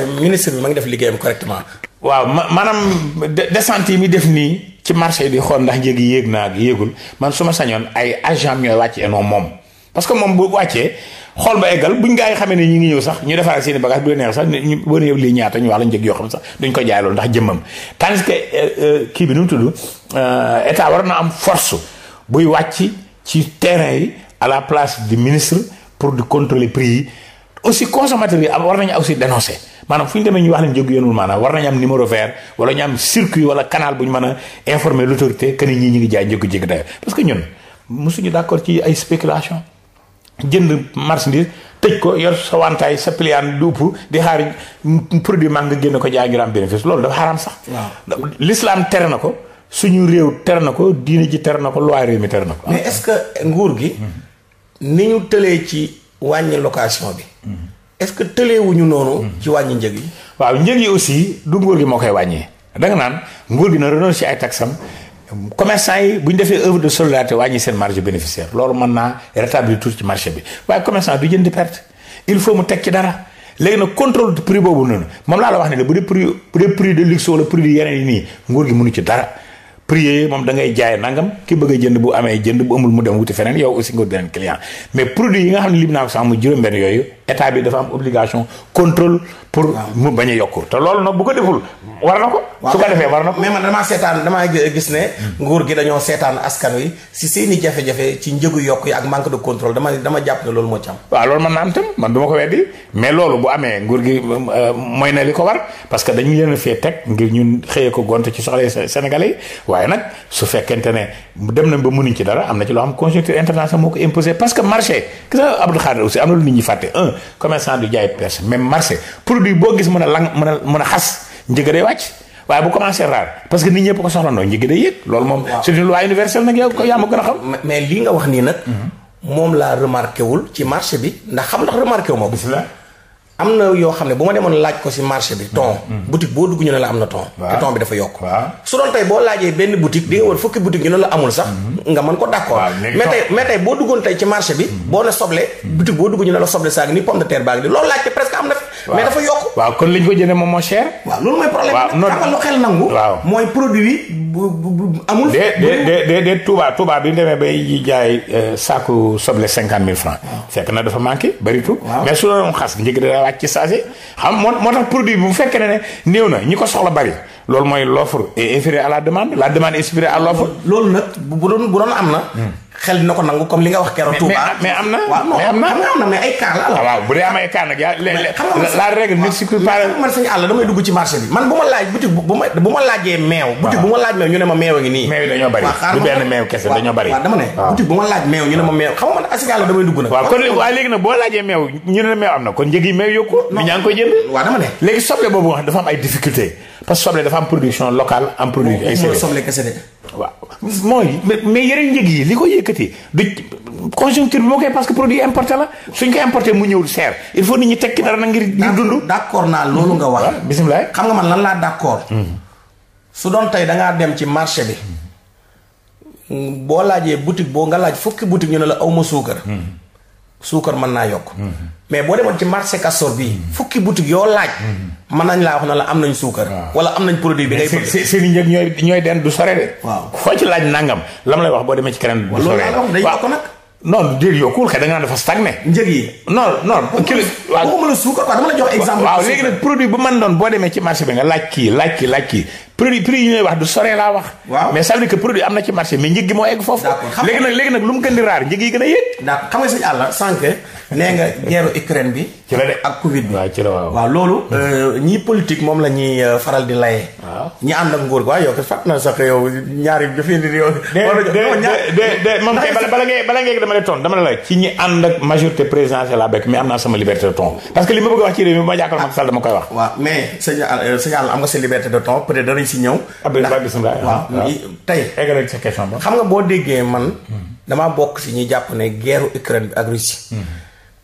ma ngi def liggéeyam correctement. waaw ma maanaam yi mu def nii ci marché yi di xool ndax njëg yéeg naa yéegul man su ma sañoon ay agent ñooy wàcce non moom parce que moom bu wàccee. xool ba eggal buñ gaa yi xamee ne ñi ngi ñëw sax ñu defaraat seen i bagage bu leen neex sax ñu boo nee lii ñaata ñu wax la sax duñ ko jaay que euh, euh, kii bi nu mu tudd euh, état war na am force buy wàcc ci terrain yi à la place ministre pour di contrôler prix yi aussi consommateur yi am war nañu aussi dénoncer maanaam fu ñu demee ñu wax leen jóg yoonul maanaam war nañu am numéro vert wala ñu am circuit wala canal bu ñu mën a informer l'autorité que ni ñii ñu ngi jaay njëkk-jëkk dayo parce que ñun mosuñu d'accord ci ay spéculation jënd marchandise tëj ko yor sa wantaay sa pliaan duup di xaar produit man nga génn ko jaay ngir am bénéfice loolu dafa xaraam sax l'islam tere na ko suñu réew tere na ko diine ji tere na ko loi réew mi tere na ko mais est-ce que nguur gi hmm. ni ñu tëlee ci wàññi location bi hmm. est-ce que tëleewuñu noonu hmm. ci wàññi njëg yi waaw njëg yi aussi du nguur gi moo koy wàññee da nga naan nguur gi na si ay taxam commerçant yi bu ñu defee œuvre de solidarité wàññi seen marge bénéficiaire loolu mën naa rétablir tout ci marché bi waaye commerçant du jënd perte il faut mu teg ci dara léegi nag contrôle de prix boobu noonu moom laa la wax ne bu dee prix bu dee prix de luxe wala prix yeneen yi nii nguur gi mënu ci dara prix yooyu moom da jaay nangam ki bëgg jënd bu amee jënd bu amul mu dem wuti feneen yow aussi nga wut beneen client mais produit yi nga xam ne lim naa ko sax yooyu. état bi dafa am obligation contrôle pour mu bañ a te loolu nag bu ko deful war na ko su ko defee war na ko mais man damaa seetaan damaa gis ne nguur gi dañoo seetaan askan wi si seeni jafe-jafe ci njëgu yokk yi ak manque de contrôle dama dama jàpp ne loolu moo ci am waaw loolu mën na am tam man du ko weddi mais loolu bu amee nguur gi euh, mooy na li ko war parce que dañu leen a fee teg ngir ñun xëyee ko gont ci soxla sénégalais yi waaye nag su fekkente ne dem nañ ba mënuñ ci dara na ci loo xam conjoncture internationale moo parce que marché gis nga am na lu nit fàtte un commerçant du jaay personne même marché produit boo gis mën a lang mën a mën a xas njëg day wàcc waaye bu commencé rare parce que nit ñëpp ko soxlandoo njëg day yëg loolu moom c'est une loi universelle nag yow ko yaa ma gën a xam mais lii nga wax nii nag mhm. moom laa remarqué wul ci marché bi ndax xam ndax remarqué wu ma am na yoo xam ne bu ma demoon laaj ko si marché bi ton mm, mm. boutique boo dugg ñu ne la am na ton te ton bi dafa yokk su doon tey boo laajee benn boutique di nga war fukki boutique ñu ne la amul sax mm-hmm. nga mën ko d'accord mais tey boo duggoon tey ci marché bi mm-hmm. boo ne soble boutique boo dugg ñu ne la soble saag ni pomme de terre baag ni loolu laaj te presque am na fi mais dafa yokk. waaw kon li ñu ko jëndee moom moo cher. waaw loolu mooy problème bi nag lu xel nangu. waaw mooy produit bu bu amul. de de de de Touba bi ñu bay jaay euh, saaku soble cinquante mille francs. fekk na dafa manqué bëritu. waaw mais su doon xas njëkk dana wàcc ci saasi. xam moo moo tax produit bu fekkee ne néew na ñi ko soxla bari loolu mooy l'offre est inférieure à la demande la demande est supérieure à l'offre. loolu nag bu doon bu doon am na. Hmm. xel dina ko nangu comme li nga wax keroog Touba mais na mais am na mais ay cas la ah, waaw bu dee am ay cas nag yaa la règle n'exclut pas man sañu àll damay dugg ci marché bi man bu ma laaj boutique bu ma bu ma ma laaj meew ñu ne ma meew a ngi nii meew yi dañoo bari du benn meew kese dañoo bari waaw dama ne boutique bu ma laaj meew ñu ne ma meew xam nga man asi àll damay dugg nag waaw kon waaw léegi nag boo laajee meew ñu ne meew am na kon njëg yi meew boobu nga dafa am ay difficulté parce que soble dafa am production locale waaw mooy mais yeneen njëg yi li ko yëkkati du conjoncture bi moo koy parce que produit importé la suñ ko importé mu ñëw seer il faut nit ñi tekki dara na ngir ngir dund d'accord naa loolu nga wax bisimilah xam nga man lan laa d'accord hmm. su doon tey dangaa dem ci marché bi boo laajee boutique boo nga laaj fukki boutique ñu ne la awma suukar hmm. suukar mën naa yokk. mais boo demoon ci marché Castor bi fukki boutique yoo laaj. mën nañ laa wax na la am nañ suukar. wala am nañ produit bi ngay bëgg. seen seen i njëg ñooy ñooy du sore de. waaw foo ci laaj nangam lam lay wax boo demee ci keneen. du sore waaw day yokk nag. non déet yokkul xëy da nga naan dafa stagné. njëg yi non non. kilo waaw waxuma la suukar quoi dama la jox exemple. waaw produit bu man doon boo demee ci marché bi nga laaj kii laaj kii laaj kii produit prix yi ñuy wax du sore laa am na ci marché mais njëg gi moo egg foofu. léegi nag lu mu gën di raar njëg yi gën a yéeg. d'accord xam nga sëñ la de euh, euh, di la laaj. ci liberté de ton parce euh, de ton si ñëw. Ah, ndax ah, waaw ah. tey. egg sa question xam nga boo déggee man. Hmm. damaa bokk si ñuy jàpp ne guerre Ukraine bi ak Russie. Hmm.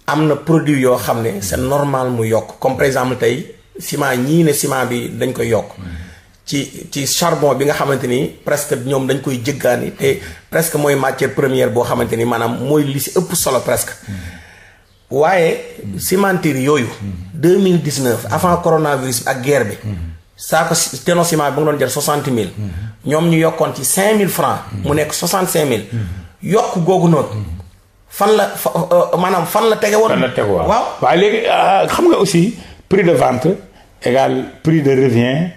am na produit yoo xam ne c'est hmm. normal mu yokk comme par exemple tey ciment ñii ne ciment bi dañ koy yokk. ci ci charbon bi nga xamante ni presque ñoom dañ koy jëggaani te presque mooy matière première boo xamante ni maanaam mooy li si ëpp solo presque. waaye cimenterie yooyu. 2019 avant coronavirus bi ak guerre bi. saako téno ciment bi mu doon jar soixante mille. ñoom ñu yokkoon ci cinq mille francs mu nekk soixante cinq mille. yokk googu noonu. fan la fa euh, maanaam fan la tege woon. fan la tege waaw waaw léegi euh, xam nga aussi prix de vente égal prix de revient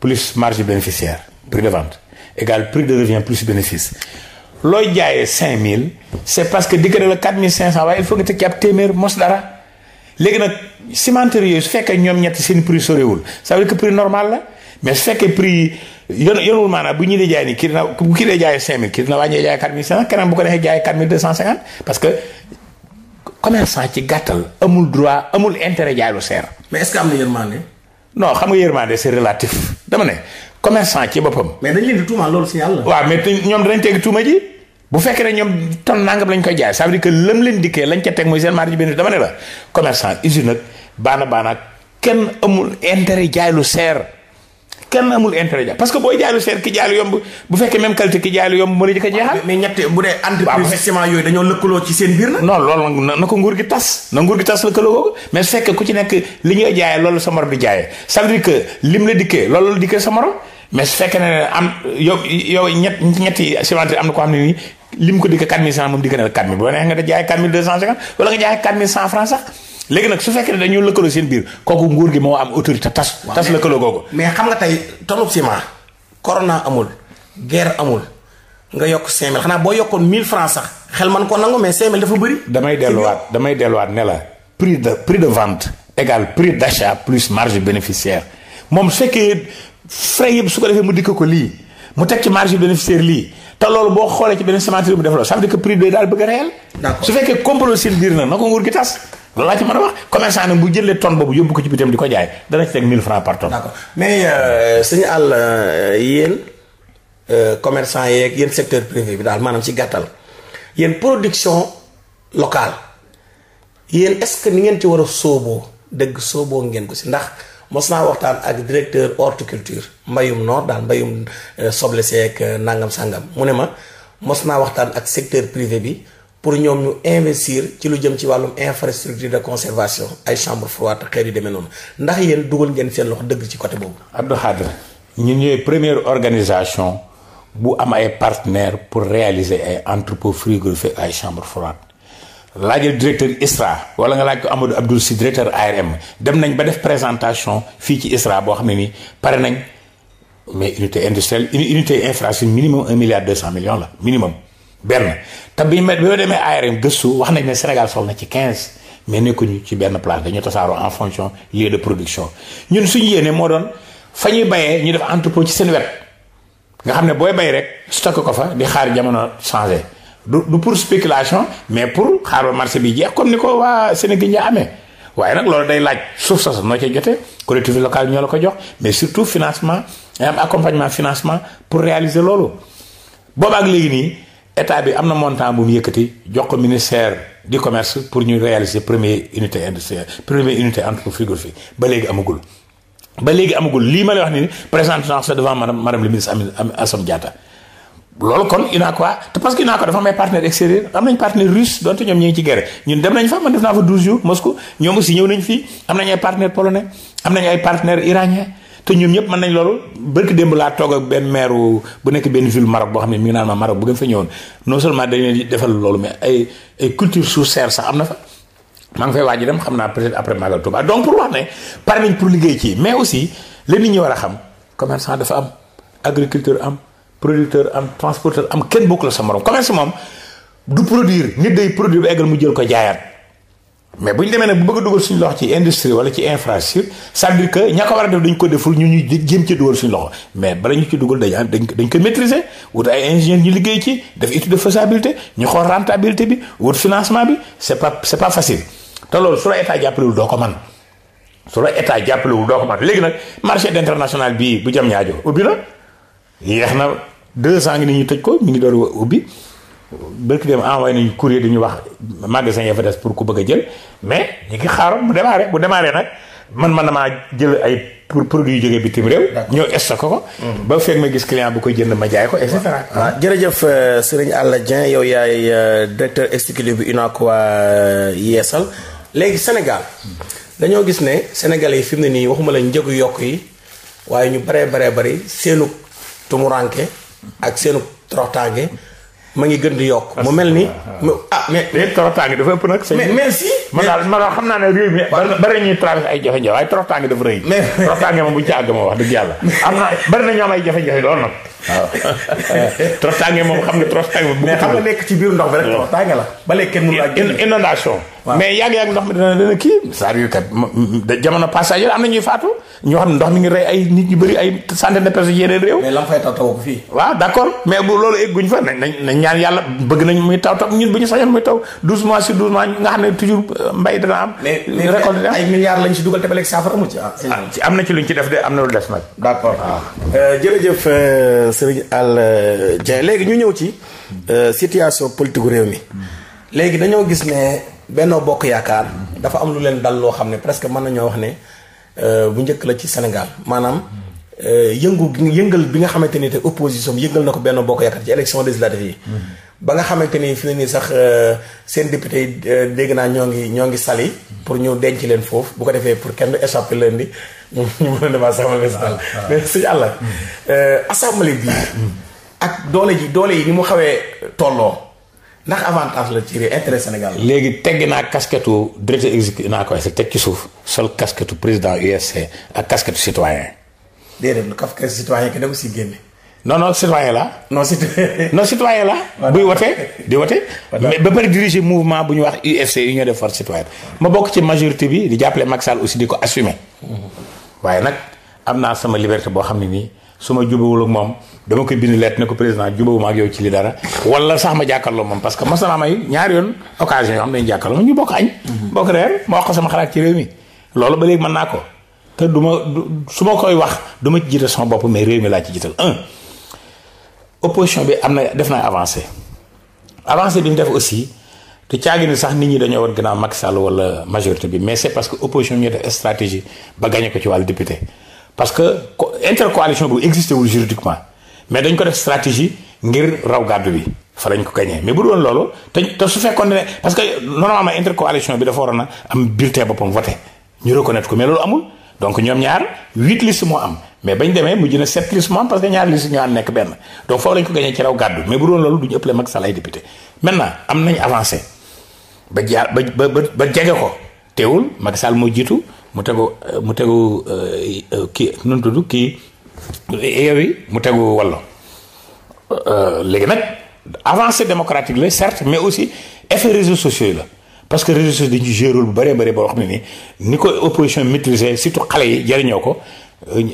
plus marge bénéficiaire prix de vente égal prix de revient plus bénéfice. looy jaayee cinq mille. c'est parce que diggante la quatre mille cinq cent waaye il faut nga teg ab téeméer mos dara. léegi nag cimenterie yooyu su fekkee ñoom ñetti seen prix sorewul ça veut dire que prix normal la mais su fekkee prix yon yonul maanaam bu ñu dee jaay nii kii dina bu kii dee jaay 5000 kii dina wàññee jaay 4500 keneen bu ko defee parce que commerçant ci gàttal amul droit amul intérêt jaay lu seer. mais est-ce que am na yërmande. non xam nga yërmande c'est relatif dama ne commerçant ci boppam. mais dañ leen di tuumaal loolu si yàlla. waaw mais bu fekkee ne ñoom ton nangam lañ koy jaay ça veut leen dikkee lañ ca teg mooy seen marge bénéfice dama kenn amul intérêt jaay jaay parce que booy jaay lu seer ki jaay lu yomb bu fekkee même qualité a jeexal. mais ñett bu dee entreprise ciment yooyu ci seen biir na. non loolu na na ko nguur gi tas na nguur nekk li ñuy sa morom di jaayee ça veut dire que lim la dikkee loolu la dikkee sa morom mais fekkee ne am yow ñett ñetti cimenterie am na ko xam ne nii lim ko dikkee 4000 moom dikkee na la 4000 boo neexee nga da jaay 4250 wala nga jaay 4100 francs sax léegi nag su fekkee ne dañu lëkkaloo seen biir kooku nguur gi moo am autorité tas. tas lëkkaloo googu. mais xam nga tey tonub ciment. corona amul. guerre amul. nga yokk 5000 xanaa boo yokkoon 1000 francs sax xel man ko nangu mais 5000 dafa bëri. damay delluwaat damay delluwaat ne la. prix de pris de vente. égal prix d'achat plus marge bénéficiaire moom su fekkee frais yëpp su ko defee mu dikk ko lii mu teg ci marge bénéficiaire lii. te loolu boo xoolee ci benn cimenterie bu def loolu ça veut dire bi daal bëgg a réel su fekkee complot seen biir na na ko nguur gi tas loolu laa ci mën a wax commerçant nag bu jëlee tonne boobu yóbbu ko ci bitam di ko jaay dana ci teg 1000 francs par tonne. d'accord mais euh, suñu àll euh, yéen euh, commerçant yeeg yéen secteur privé bi daal maanaam ci gàttal yéen production local yéen est-ce que ni ngeen ci war a sooboo dëgg sooboo ngeen ko si ndax mos naa waxtaan ak directeur horticulture mbayum noor daal mbayum euh, soble seeg euh, nangam sangam mu ne ma mos naa waxtaan ak secteur privé bi pour ñoom ñu investir ci lu jëm ci wàllum infrastructure de conservation ay chambre froide xeer yi demee noonu ndax yéen dugal ngeen seen loxo dëgg ci côté boobu. Abdou Khadre ñun ñooy première organisation bu am ay partenaires pour réaliser ay entrepôts frigorifiques ay chambre froide laajal directeur ISRA wala nga laaj ko Amadou Abdoul si directeur ARM dem nañ ba def présentation fii ci ISRA boo xam ne nii pare nañ mais unité industrielle unité infrastructure minimum un milliard deux cent millions la minimum benn te bi ma bi demee ARM gëstu wax nañ ne Sénégal sol na ci quinze mais nekkuñu ci benn place dañu tasaaroo en fonction lieu de production ñun suñu yéene moo doon fa ñuy bayee ñu def entrepôt ci seen wet nga xam ne booy bay rek stocké ko fa di xaar jamono changé du du pour spéculation mais pour xaar ba bi jeex comme ni ko waa Sénégal ñi amee waaye nag loolu day laaj suuf sa noo ca jotee collectivité locale ñoo la ko jox mais surtout financement am accompagnement financement pour réaliser loolu. boobaak léegi nii état bi am na montant bu mu yëkkati jox ko ministère du commerce pour ñu réaliser premier unité industrielle premier unité entreprise ba fi ba léegi amagul lii ma lay wax nii a naa ko devant madame madame le ministre loolu kon UNACOIS te que UNACOIS dafa am ay partenaires extérieurs am nañ partenaire russe donte ñoom ñu ngi ci guerre ñun dem nañ fa man def naa fa 12 jours Moscou ñoom aussi ñëw nañ ñëpp mën nañ loolu barki démb toog ak benn maire bu nekk benn ville Maroc boo xam ne mi ngi naan ma Maroc bu ngeen fa ñëwoon non loolu mais ay ay culture sous serre sax fa maa ngi fay waaj dem xam naa peut-être après Magal Touba donc pour liggéey ci mais aussi leen nit ñi war a xam commerçant dafa am agriculture am producteur am transporteur am kenn bokk la sa morom commerce moom du produire nit day produire ba eggal mu jël ko jaayaat mais bu ñu demee nag bu bëgg a dugal suñu loxo ci industrie wala ci infrastructure cest que ña ko war a def dañ ko deful ñu ñu jéem ci dugal suñu loxo mais bala ñu ci dugal dañ ko maîtriser wut ay ingénieur ñu liggéey ci def étude de ñu xool rentabilité bi wut financement bi c'est pas c'est pas facile te loolu su la état jàppalewul doo ko man su la état jàppalewul doo ko man léegi nag marché bu jam ñaajo na yéex na deux ans ngi ni ñu tëj ko ñu ngi doon ubbi bërki dem envoyé nañu courrier dañuy wax magasin ya fa des pour ku bëgg a jël mais ñu ngi xaaroon mu démarré bu démarré nag man man na damaa jël ay pour produit yu jógee bitim réew. ñëw stocké ko. Mhm. ba fekk ma gis client bu koy jënd ma jaay ko et cetera. waaw jërëjëf euh, Serigne Alla yow yaay euh, directeur exécutif bu UNACOIS euh, Yeesal léegi Sénégal dañoo gis ne Sénégalais yi fi mu ne nii waxuma la njëg yokk yi waaye ñu baree baree bari seenu tumuranke ak seenu toroxtaange ma ngi gën di yokk. mu mel ni ah mais. Ah, mais toroxtaange dafa ëpp nag. mais mais si. ma wax dëgg yàlla am na bari na ñu am ay jafe-jafe lool mais xam nga ci biir ndox bi rek toroxtaange ba léegi kenn mënu laa génn inondation mais yàgg-yàgg ndox mi dana kii cest à am na ñuy faatu ñoo xam ne ndox mi ngi rey ay nit ñu bëri ay centaine de personnes yeneen réew mais lam fay taw taw ko fii waaw d'accord mais bu loolu egguñ fa nañ ñaan yàlla bëgg nañ muy taw taw ñun bu ñu sañoon muy taw douze mois sur douze mois nga xam ne toujours mbay dana am. récolte dana am ay milliards lañ ci dugal te ba léegi saafara amu ah. ah, ci am na ci luñ ci def de am na lu des nag. d'accord ah. euh, jërëjëf euh, Serigne Al euh, Dieng léegi ñu ñëw ci situation politiku réew mi léegi dañoo gis ne Benno Bokk Yaakaar dafa am lu leen dal loo xam ne presque mën na ñoo wax ne bu njëkk la ci senegal maanaam. yëngu yëngal bi nga xamante ni te opposition yëngal na ko Benno Bokk Yaakaar ci des législative yi. ba nga xamante ni fi ne nii sax euh, seen député yi euh, dégg naa ñoo ngi ñoo ngi sali pour ñu denc leen foofu bu ko defee pour kenn échappé leen di ñu mën a dem assemblée nationale mais suñu àlla hmm. euh, assemblée bi hmm. ak doole ji doole yi ni mu xawee tolloo ndax avantage la ci réew intérêt Sénégal léegi tegg naa kasketu directeur exécutif naa ko teg ci suuf sol kasketu président UFC ak kasketu citoyen déedéet lu si génne non non citoyen la. non citoyen non citoyen la. buy wote di wote. mais ba pare diriger mouvement bu ñu wax UFC Union des forces citoyennes. ma bokk ci majorité bi di jàppale mag Sall aussi di ko assumer. Mm-hmm. waaye nag am naa sama liberté boo xam ne nii su ma jubawul ak moom dama koy bind lettre ne ko président jubawuma ak yow ci li dara. wala sax ma jàkkaarloo moom parce que mos naa may ñaari yoon occasion yoo xam ne dañu jàkkaarloo ñu bokk añ. Mm-hmm. bokk ma wax ko sama xalaat ci réew mi loolu naa ko te du ma su ma koy wax du ma ci jiital sama réew mi laa ci jiital un. opposition bi am na def na avancé avancé bi ñu def aussi te caagi sax nit ñi dañoo war gannaaw Macky Sall wala majorité bi mais c'est parce que opposition bi ñu def stratégie ba gagné ko ci wàllu député parce que intercoalition bu existé wul juridiquement mais dañ ko def stratégie ngir raw gàddu bi fa lañ ko gagné mais bu doon loolu te su fekkoon ne parce que normalement intercoalition bi dafa waroon a am bulletin boppam voté ñu reconnaître ko mais loolu amul donc ñoom ñaar huit listes moo am mais bañ demee mu na sept listes moom parce que ñaari listes ñu ànd nekk benn donc foofu lañ ko gañee ci raw gàddu mais bu doon loolu du ñu ëppale Macky ay député am nañ avancé ba jaar ba ba ba jege ko teewul Macky Sall moo jiitu mu tegu euh, mu tegu euh, euh, kii nu mu kii Yewwi mu tegu Wallu léegi nag avancée démocratique la certes mais aussi effet réseaux sociaux yi la parce que réseaux sociaux dañu ci joué bu bëree bëri boo xam ne ni ni ko opposition maîtriser surtout xale yi jëriñoo ko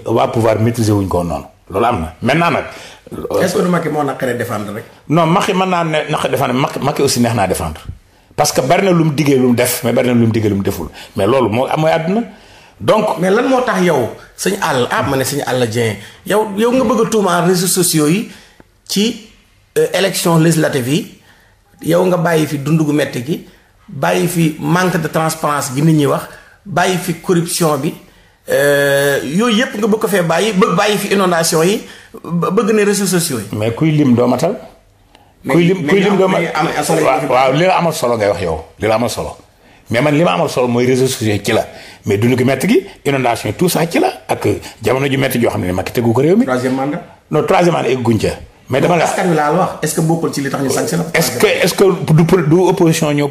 waa pouvoir maîtriser wuñ ko noonu loolu am na maintenant nag. Euh, est-ce que du Macky moo naqaree défendre rek. non Macky man naa ne naqaree défendre Macky Macky aussi neex naa défendre parce que bari na lu mu diggee lu mu def mais bari na lu mu diggee lu mu deful mais loolu moo mooy àdduna donc. mais lan moo tax yow sëñ àll ah ma ne sëñ àll Dieng yow yow nga bëgg a tuumaal réseaux sociaux yi ci euh, élection législative yi yow nga bàyyi fi dund gu métti gi bàyyi fi manque de transparence gi nit ñi wax bàyyi fi corruption bi. Euh, yooyu yëpp nga bëgg ko fee bàyyi bëgg bàyyi fi inondation yi bëgg ne réseaux sociaux yi. mais kuy lim doo matal. kuy lim kuy lim doo waaw li la amal solo ngay wax yow li la amal solo. mais man li ma amal solo mooy réseaux sociaux ci la mais dund gi métti gi inondation tout ça ci la ak jamono ju métti joo xam ne Macky tegu ko réew mi. troisième mandat non troisième mandat egguñ ca. mais dama la askan wi laa wax est-ce que bokkul li tax ñu sanctionné. est-ce que est-ce du opposition ñoo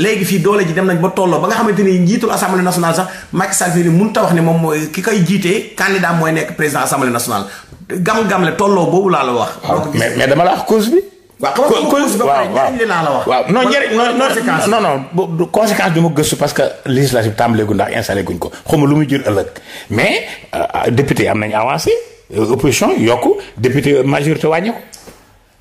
léegi fii doole ji dem nañ ba tolloo ba nga xamante ni njiitul assemblée nationale sax Macky Sall fii mun ta wax ne moom mooy ki koy jiitee candidat mooy nekk président assemblée nationale gam-gam le tolloo boobu laa la wax. Ah, mais mais dama la wax cause bi. waaw cause bi waaw waaw waaw non njëriñ non non non conséquence bi ma gëstu parce que législative tàmbaleegu ndax installé guñ ko xaw ma lu muy jur ëllëg mais euh, euh, député am nañ avancé euh, opposition yokku député majorité wàññi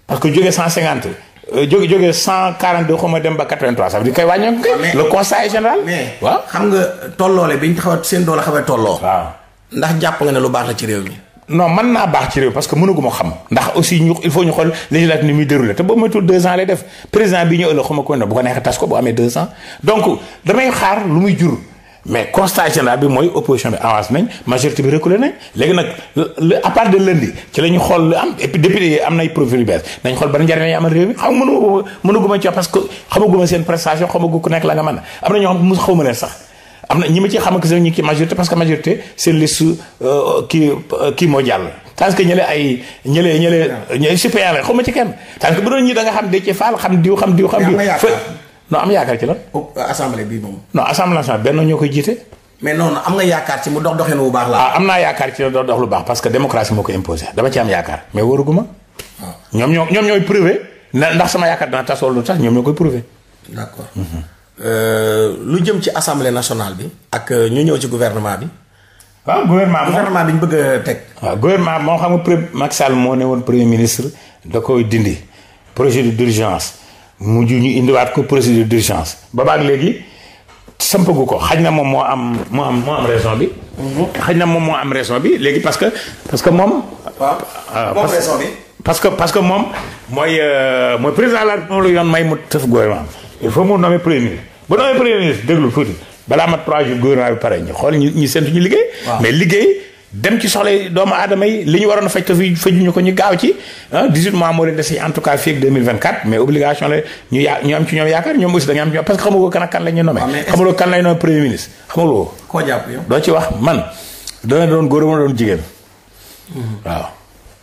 parce que jógee 150. Euh, jóge jóge cent quarante deux xaw dem ba quatre vingt trois ça veut dire kay wàññeeku kay. Ah, le constat général. waaw xam nga tolloole bi ñu taxaw seen doole xawee tolloo. waaw ndax jàpp nga ne lu baax la ci réew mi. no mën naa baax ci réew parce que mënaguma xam ndax aussi ñu il faut ñu xool législative ni muy déroulé te boobu matul deux ans lay def président bi ñëw ëllëg xuma ko ne bu ko neexee tas ko bu amee deux ans donc damay xaar lu muy jur mais constat général bi mooy opposition bi avance nañ majorité bi reculé nañ léegi nag à part de lundi ci la ñu xool am et puis depuis am nay profil nañ xool ba njëriñ lay xam nga mënu mënuguma ci wax parce que xamaguma seen prestation xamagu ku nekk la nga am na ñoo xam mu xawma leen sax am na ñi ma ci xam ak sax ñi ki majorité parce que majorité seen liste euh, kii euh, kii moo jàll parce que ñële ay ñële ñële ñële suppléant xaw ma ci kenn parce que bu doon ñi da xam de ci faal xam diw xam diw xam diw non am yaakaar ci lan. Oh, assemblée bi moom. non assemblée nationale benn ñoo koy jiite. mais non am nga yaakaar ci mu dox doxin bu baax laa ah am naa yaakaar ci dox baax parce que démocratie moo ko imposé dama ci am yaakaar. mais wóoruguma. waaw ah. ñoom ñoo ñoom ñooy prouvé ndax sama yaakaar dana tas wala du tas ñoom ñoo koy prouvé. d'accord mhm. euh, lu jëm ci assemblée nationale bi. ak euh, ñu ñëw ci gouvernement bi. waaw ah, gouvernement gouvernement bi ñu bëgg teg. waaw ah, gouvernement moo xam nga Macky Sall moo ne woon premier ministre dindi projet d'urgence mujj ñu indiwaat ko procédure d'urgence boobaag léegi sampagu ko xaj na moom moo am moo am moo raison bi. xaj na moom moo am raison bi léegi parce que parce que moom. waaw euh, parce que parce que moom mooy euh, mooy président la moom la yoon may mu tëf gouvernement il faut mu nommer premier ministre ba nommer premier ministre déglu tuuti balaa mat trois jours gouvernement bi pare ñu xool ñu ñu séntu ñu liggéey. mais liggéey. dem ci soxla doomu adama yi li ñu waroon a faj te fi ko ñu gaaw ci ah 18 mois moo leen dese en tout cas fii ak 2024 mais obligation la ñu ya ñu am ci ñoom yaakaar ñoom aussi da am ci ñoom parce que xamuloo kan ak kan la ñu ah, xamuloo kan lay nommé premier ministre xamuloo. koo jàpp yow doo ci wax man dana doon góor ma doon jigéen. Mm-hmm. waaw.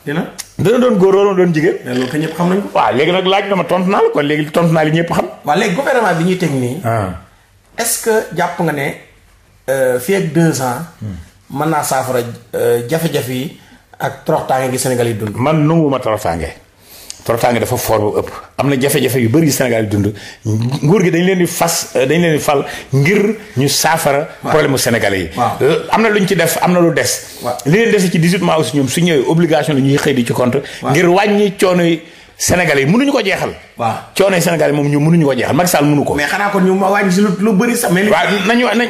dina doon góor ma doon jigéen. mais loolu xam nañ ko. waaw léegi nag laaj na ma tontu naa la kon léegi tontu naa li ñëpp xam. waa léegi gouvernement bi ñuy teg nii. Ah. est-ce que jàpp nga ne euh, fii ak deux hmm. mën naa saafara euh, jafe-jafe yi ak toroxtaange gi Sénégal yi dund. man nanguwuma toroxtaange toroxtaange dafa for bu ëpp am na jafe-jafe yu bëri yu Sénégal yi dund nguur gi dañu leen di fas euh, dañ leen di fal ngir ñu saafara. problème mu Sénégalais yi. Euh, am na lu ñu ci def am na lu des. li leen dese ci 18 mois aussi ñoom su ñëwee obligation la ñuy xëy di ci compte. ngir wàññi coono yi Sénégalais yi mënuñu ko jeexal. waaw coono Sénégal moom ñu mënuñu ko jeexal Macky Sall mënu ko. mais xanaa kon nañu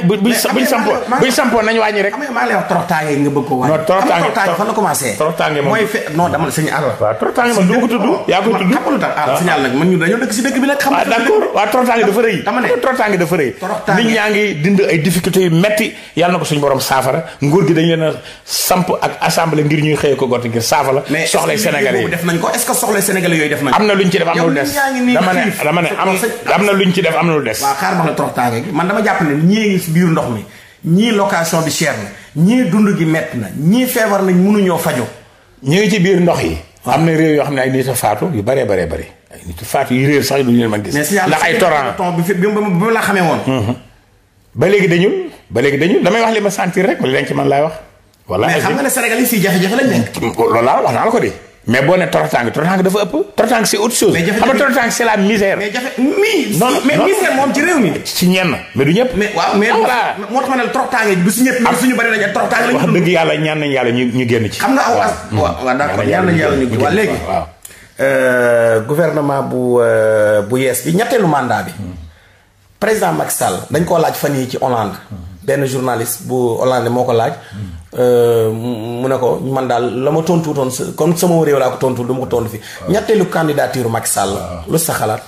bu buñ sampoo buñ sampoo nañu wàññi rek. xam nga maa lay wax toroxtaange nga dëkk si dëkk bi nag. xam nga ah, d'accord waaw dafa rëy. dama ne toroxtaange dafa rëy. nit ñaa ngi dind ay difficultés yu metti yàlla na ko suñu borom saafara nguur gi dañ leen a samp ak assemblée ngir ñuy xëye ko gotti ngir saafara soxlay Sénégalais yi am na luñ ci def am na lu des yaa ngi nii dama ne dama ne am na ñu ci def am na lu des. waaw xaar ma la toroxtaange gi man dama jàpp ne ñii ngi si biir ndox mi ñii location bi cher na ñii dund gi métti na ñii feebar nañ mënuñoo fajo ñi ngi ci biir ndox yi. am na réew yoo xam ne ay nit a faatu yu bëree bëree bëri ay nit faatu yu réew sax duñu leen mën gis. ndax ay torrent bi bi ma la xamee woon. Mhm. ba léegi dañul ba léegi dañul damay wax li ma sentir rek li leen ci man laay wax. voilà mais xam si jafe-jafe lañ nekk. loolu laa wax mais boo ne torotaange torotaange dafa ëpp. torotaange c'est autre chose. mais jafe-jafe xam c'est la misère. mais mi. non mais misère moom ci réew mi. ci ñenn mais du ñëpp. mais waaw mais ah, moo tax ne torotaange du si ñëpp. am suñu bari nañu torotaange lañu. wax yàlla ñaan nañu yàlla ñu ñu génn ci. xam nga aw as. waaw waaw d'accord ñaan nañu yàlla ñu génn waaw léegi. Euh, gouvernement bu euh, bu yees bi ñetteelu mandat bi. Hmm. président Macky dañ koo laaj fan yii ci Hollande. benn journaliste bu Hollande moo ko laaj. Euh, mu ne ko man daal la ma tontuutoon comme sama réew laa ko tontuwul du ma ko tontu fi. ñetteelu candidature Macky Sall. lu sa xalaat.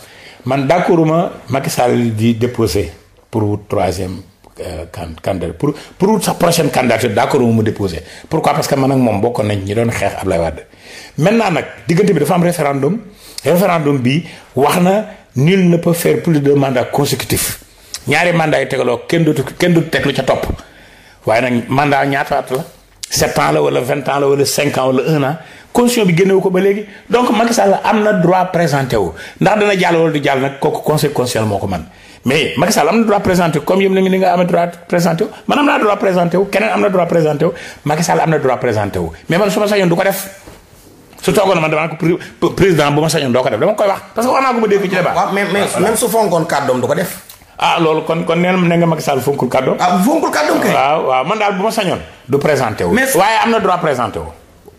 man d' accord ma Macky Sall di déposé pour troisième euh, candidat pour pour sa prochaine candidature d' accord ma mu déposé. pourquoi parce que man ak moom bokkoon nañ ñi doon xeex Ablaye Wade maintenant nag diggante bi dafa am référendum référendum bi wax na nul ne peut faire ñaari mandat yu tegaloo kenn du kenn du teg lu ca topp waaye nag mandat ñaata at la sept ans la wala vingt ans la wala cinq ans wala un an constitution bi génnewu ko ba léegi donc Macky Sall am na droit présenté wu ndax man am na droit présenté wu comme yéen ni nga amee droit présenté wu man am naa droit présenté wu keneen am na droit présenté wu Macky Sall am na droit présenté wu mais man su ma sañoon du ko def su toogoon man damaa ko président bu ma du ko def. ah loolu kon kon nee ne nga Macky Sall fonkul kàddoom. ah fonkul kàddoom kay. waaw waaw man daal bu ma sañoon. du présenté wu. mais waaye am na droit présenté wu.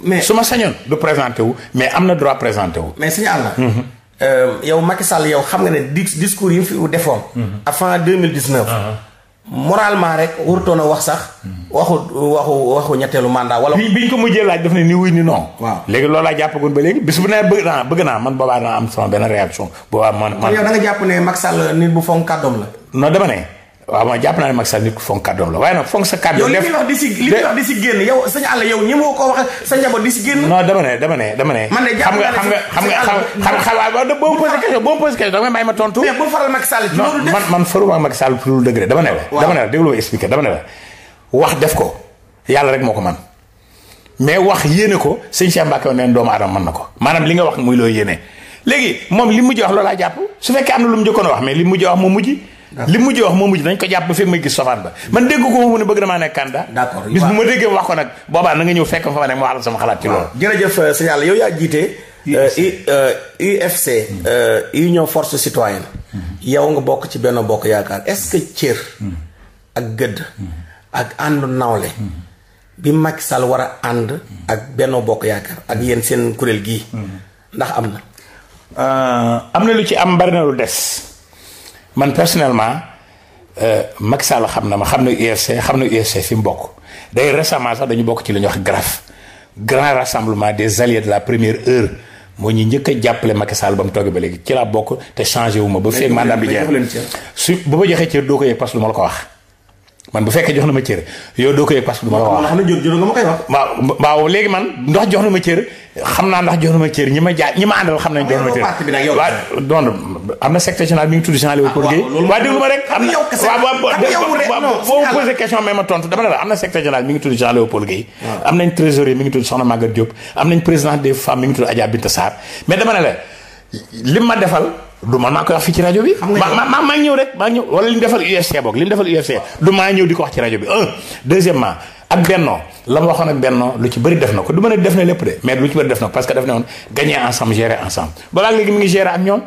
mais su ma sañoon du présenté wu mais am na droit présenté wu. mais sëñ Alla. Mhm. Euh, yow Macky Sall yow xam nga ne discours yi mu fi defoon. Mhm. avant 2019. moralement rek warutoon a wax sax. waxu waxu waxu ñetteelu mandat wala. bi biñ ko mujjee laaj daf ne nii wuy ni non. waaw léegi loolaa jàppagoon ba léegi bis bu ne bëgg naa bëgg naa man boobaa naa am sama benn réaction. boobaa man man yow da nga jàpp ne Macky Sall nit bu fonk kàddoom la. non dama waaw man jàpp naa ne Macky Sall nit ku fonk kàddoom la waaye nag fonk sa kàddoom. def li wax di si li wax di si génn yow sëñ Alla yow dama ne dama ne dama ne. ma ma posé question da nga may ma man man faruma Macky Sall ci loolu dëgg dama ne la. dama ne ma expliqué dama ne wax def ko yàlla rek moo ko man mais wax yéene ko sëñ Cheikh Mbacke neen doomu aadama mën na ko maanaam li nga wax muy loo yéene léegi moom li mujj wax loolaa jàpp su fekkee am na lu mu njëkkoon wax mais li mujj wax mu mujj li mujj wax moo mujj dañ ko jàpp ba fekk may gis sofaan ba man dégg ko moom ne bëgg na maa nekk candidat d'accord bis bu ma déggee wax ko nag boobaa na nga ñëw fekk fa ma ne ma wax la sama xalaat ci loolu jërëjëf euh, sëñ Alla yow yaa jiite UFC euh, euh, Union Force Citoyenne mm-hmm. yow nga bokk ci benn bokk yaakaar est-ce cër mm-hmm. ak gëdd mm-hmm. ak àndu nawle bi Macky Sall war a ànd ak Benno Bokk Yaakaar ak yéen seen kuréel gii. ndax am na. am na lu ci am bari na lu des man personnellement euh, Macky Sall xam na ma xam na UFC xam na UFC fi mu bokk day récemment sax dañu bokk ci lañu ñuy wax GRAF grand rassemblement des alliés de la première heure moo ñu njëkk jàppale Macky Sall ba mu toog ba léegi ci laa bokk te changé wu ma. ba feeg mandat bi jeex su ba ma joxee cër doo ko yëg parce que lu ma la ko wax. man bu fekkee jox na ma cër yow doo ko yëg parce que du ma la wax waaw léegi man ndox jox na ma cër xam naa ndax jox na ma cër ñi ma jaay ñi ma àndal xam nañ jox na ma rek am na ah, waaw foo ma ngi tudd Soxna Maguette Diop am nañ président des femmes mi ngi tudd Adja Binta Sarr mais dama ne la li ma defal du man maa koy wax fii ci rajo bi. xam ma maa ñëw rek maa ñëw wala li mu defal UFC boog li defal UFC du maa ñëw di ko wax ci rajo bi un deuxièmement ak Benno la mu waxoon ak Benno lu ci bëri def na ko du man ne def ne lépp de mais lu ci bëri def na ko parce que daf ne woon gagner ensemble gérer ensemble balaa léegi mi ngi gérer ak ñoom.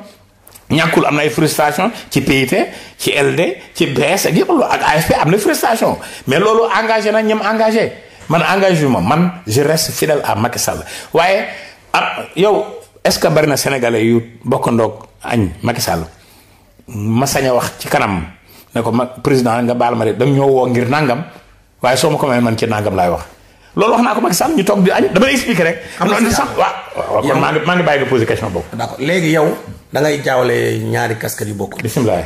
ñàkkul am na ay frustration ci PIT ci LD ci BS gi yëpp ak AFP am na frustration mais loolu engagé na ñoom engagé man engagé ma man je reste fidèle à Macky Sall waaye ah, est-ce que bari na sénégalais yu bokkandoog añ Macky Sall ma sañ a wax ci kanam ne ko ma président nga baal ma de dam ñoo woo ngir nangam waaye soo ma ko may man ci nangam laay wax loolu wax naa ko Macky ñu toog di añ dama lay expliquer rek. am na sax waaw kon maa ngi maa ngi bàyyi nga poser question boobu. d'accord léegi yow da ngay jaawale ñaari casquette yu bokk. bismillah.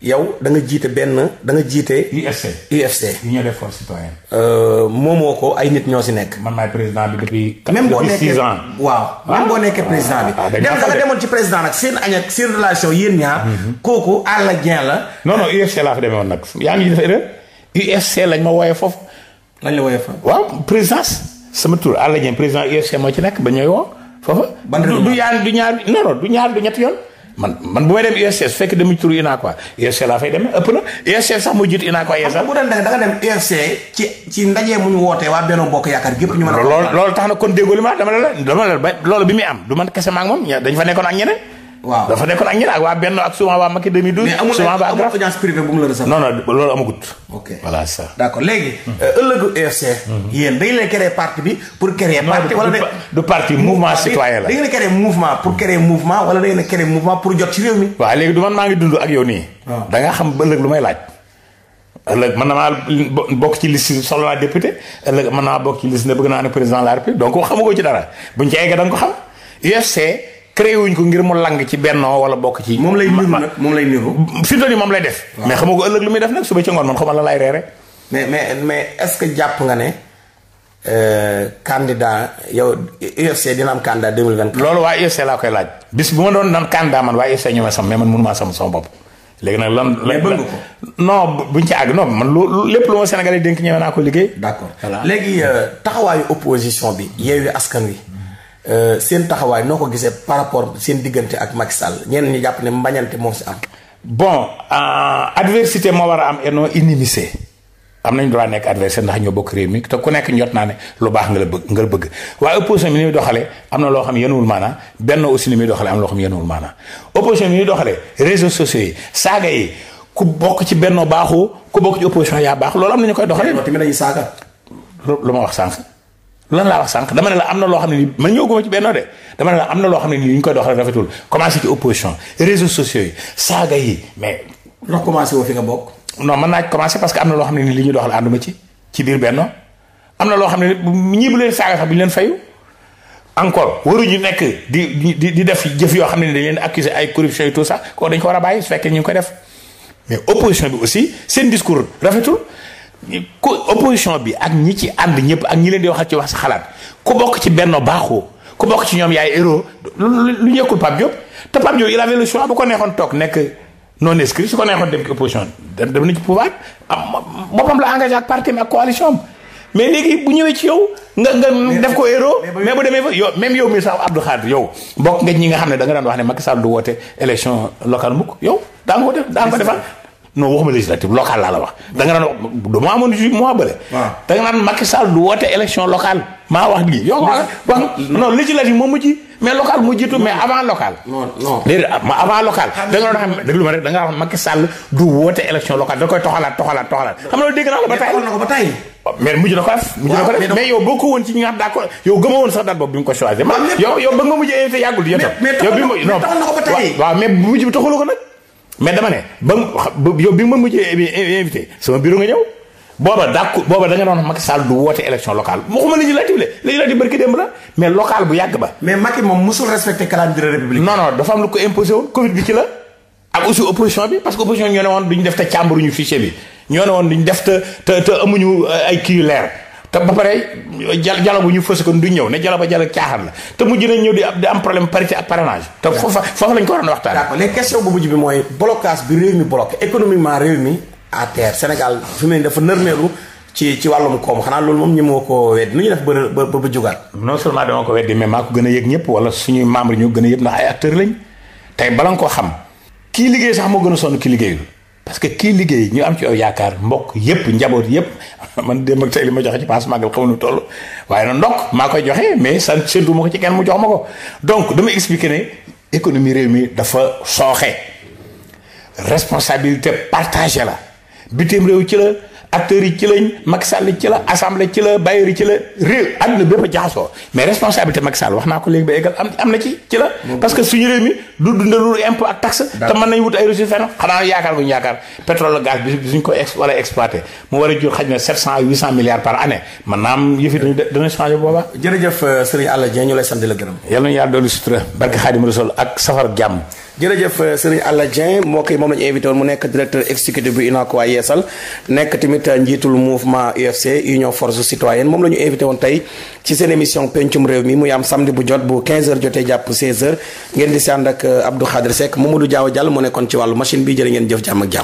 yow da nga jiite benn da nga jiite. UFC UFC. union des forces citoyennes. Euh, moomoo ko ay nit ñoo si nekk. man maay président bi depuis. même boo nekkee six ans waaw même président bi. Ah, ah, ah, dem nga demoon ci président nag seen añ ak seen relation yéen ñaar. Mhm. kooku àll jeen la. non non UFC laa fa demee woon nag yaa ngi UFC lañ ma wooyee foofu. lañ la wooyee foofu. waaw présidence sama tur àll jeen président UFC moo ci nekk ba ñooy woo foofa. ban du ñaar du ñaar non du ñaar du ñetti man man bu may dem USS fekk dama tur UNACOIS USS laa fay demee ëpp na USS sax moo jiitu UNACOIS yeesal. bu doon da nga dem USS ci ci ndaje mu ñu wootee waa Benno Bokk Yaakaar gépp ñu mën a. loolu loolu tax na kon déggoo li ma dama la dama la loolu bi muy am du man kese ma ak moom dañ fa nekkoon ak ñeneen. waaw dafa nekkoon ak ñeneen ak waa Benno ak souvent waa Macky 2012. mais amul amul audience privée bu loolu amagut. ok voilà c'est ça. léegi. Hmm. Euh, ëllëgu EFC. Hmm. yéen dañu leen créer parti bi pour créer. parti wala de du parti mouvement citoyen la. da ngeen créer mouvement pour créer mouvement wala da ngeen créer mouvement pour jot ci réew mi. waaw léegi du man maa ngi dund ak yow nii. Ah. da nga xam ëllëg lu may laaj. ëllëg mën na maa bokk ci list soxla naa député ëllëg mën naa bokk ci liste ne bëgg naa ne président de la république donc xamu ko ci dara buñ ci egg da nga ko xam UFC créé wuñ ko ngir mu lang ci bennoo wala bokk ci. moom lay niru nag moom lay niru. fi mu moom lay def. mais xam nga ëllëg lu muy def nag suba ci ngoon man xam mais mais mais est-ce que nga ne. Euh, candidat yow UFC dina am candidat 2024. loolu waa UFC laa koy laaj. bis bu ma doon naan candidat man waa UFC ñu ma sam mais man mënu maa sam sama bopp. léegi nag lan lan bëgg ko. non buñ ci àgg non man lu lépp lu ma Sénégalais dénk ñeme naa ko liggéey. d'accord léegi euh, taxawaayu opposition bi. yeewi askan wi. Euh, seen taxawaay noo ko gisee par rapport seen diggante ak Macky Sall ñenn ñu jàpp ne mbañante moo si am. bon euh, adversité moo war a am et non inimicé am nañ droit nekk adversaire ndax ñoo bokk réew mi te ku nekk njot naa ne lu baax nga la bëgg nga la bëgg waaye opposition bi ni muy am na loo xam yenuwul maanaa benn aussi ni muy doxalee am na loo xam yenuwul maanaa opposition bi ni muy doxalee réseaux sociaux yi saaga yi ku bokk ci bennoo baaxu ku bokk ci opposition yaa baax loolu am na ñu koy doxalee. tamit dañuy saaga. lu ma wax sànq. lan laa wax sànq dama ne la am na loo xam ne nii man ñëwaguma ci benno de dama ne la am na loo xam ne nii ñu koy doxal rafetul commencé ci opposition réseaux sociaux yi saaga yi mais. loo commencé woo fi nga bokk. non mën naa commencé parce que am na loo xam ne nii li ñuy doxal ànduma ci ci biir benno am na loo xam ne ñii bu leen saaga sax bu ñu leen fayu encore waruñu nekk di di di def jëf yoo xam ne ni dañ leen accuser ay corruption et tout ça kooku ko war a bàyyi fekkee ñu ngi def mais opposition bi aussi seen discours rafetul. ko opposition bi ak ñi ci ànd ñëpp ak ñi leen di waxal ci wax sa xalaat ku bokk ci benn baaxoo ku bokk ci ñoom yaay héros lu ñëkkul Pape Diop te Pape Diop il avait le bu ko neexoon toog nekk non inscrit su ko neexoon dem ci dem na ci pouvoir ah, am la engagé ak parti ak coalition am mais léegi bu ñëwee ci yow. nga nga def ko héros mais bu demee fa yow même yow mi sax Abdou Khadre yow bokk nga ñi nga xam ne da nga daan wax ne Macky Sall du woote élection locale mukk yow daa nga ko def daa ko defal non waxuma législative locale laa la wax. da nga naan du ma amoon ju moo bële. waaw da nga naan Macky Sall du woote élection mais local ah, da nga doon xam déglu ma rek da da koy toxalaat toxalaat toxalaat. xam nga dégg naa la ba tey na ko ba tey. Oh, mujj na ko def. mais yow boo ko woon ci ñi nga xam daa ko yow gëmoo woon sax date boobu bi nga ko choisir. yow yow ba nga mujjee yàggul yow yow bi mu non waaw mais mujj bi taxuloo ko nag mais dama ne ba mu yow bi ma mujjee invité sama bureau nga ñëw booba dàkku booba da nga doon Macky Sall du woote élection locale waxuma législative la législative barki démb la mais local bu yàgg ba. mais Macky moom mosul respecté calendrier a non non dafa am lu ko imposé woon Covid bi ci la. ak aussi opposition bi parce que opposition ñoo ne woon duñu def te càmbaruñu fichier bi ñoo ne woon duñu def te te te amuñu euh, ay kii yu leer. te ba pare jala bu ñu fës ko du ñëw ne jala ba jala caaxaan la te mujj nañ ñëw di di am problème parité ak parrainage. te foofa foofa lañ ko waroon waxtaan. d'accord léegi question bu mujj bi mooy blocage bi réew mi bloqué économiquement Sénégal fi mu ne dafa nërmeelu ci ci wàllum koom xanaa loolu moom ñemoo ko weddi nu ñu def ba ba ba jugaat. non seulement dama ko weddi mais maa ko gën a yëg ñëpp wala suñuy membre ñoo gën a yëg ndax ay acteurs lañ tey bala nga ko xam kii liggéey sax moo gën a sonn kii liggéeyul parce que kii liggéey ñu am ci yow yaakaar mbokk yépp njaboot yépp man démb ak tey li ma joxe ci paas màggal xaw nu toll waaye na ndokk maa koy joxe mais san séntu ma ko ci kenn mu jox ma ko donc dama expliquer ne économie réew mi dafa sooxe responsabilité partagée la bitim réew ci la acteur yi ci lañ Macky Sall ci la assemblée ci la bailleurs ci la réew àdduna bépp jaxasoo mais responsabilité Macky wax naa ko léegi ba égal am am na ci ci la. parce que suñu réew mi du dundalul impôt ak taxe. te mën nañu wut ay ressources fenn xanaa yaakaar yaakaar pétrole bi suñ ko ex war a exploité mu war a jur xaj na 700 800 milliards par année man naam yëf yi dañu dañu changé boobaa. jërëjëf euh, Serigne Alla Dieng ñu lay sant la la gërëm. yal na yàlla dolli sutura barke Xaadim Rasul ak safar jàmm. jërëjëf euh, Serigne Alla Dieng moo koy moom la ñu invité woon mu nekk directeur exécutif bu UNACOIS Yeesal nekk tamit euh, njiitul mouvement UFC Union Force Citoyenne moom la ñu invité woon tey ci seen émission pencum réew mi muy am samedi bu jot bu 15h jotee jàpp 16h ngeen di si ànd ak euh, Abdou Khadre Seck Mamadou Diaw Diallo mu nekkoon ci wàllu machine bi jërë ngeen jëf jàmm ak jàmm.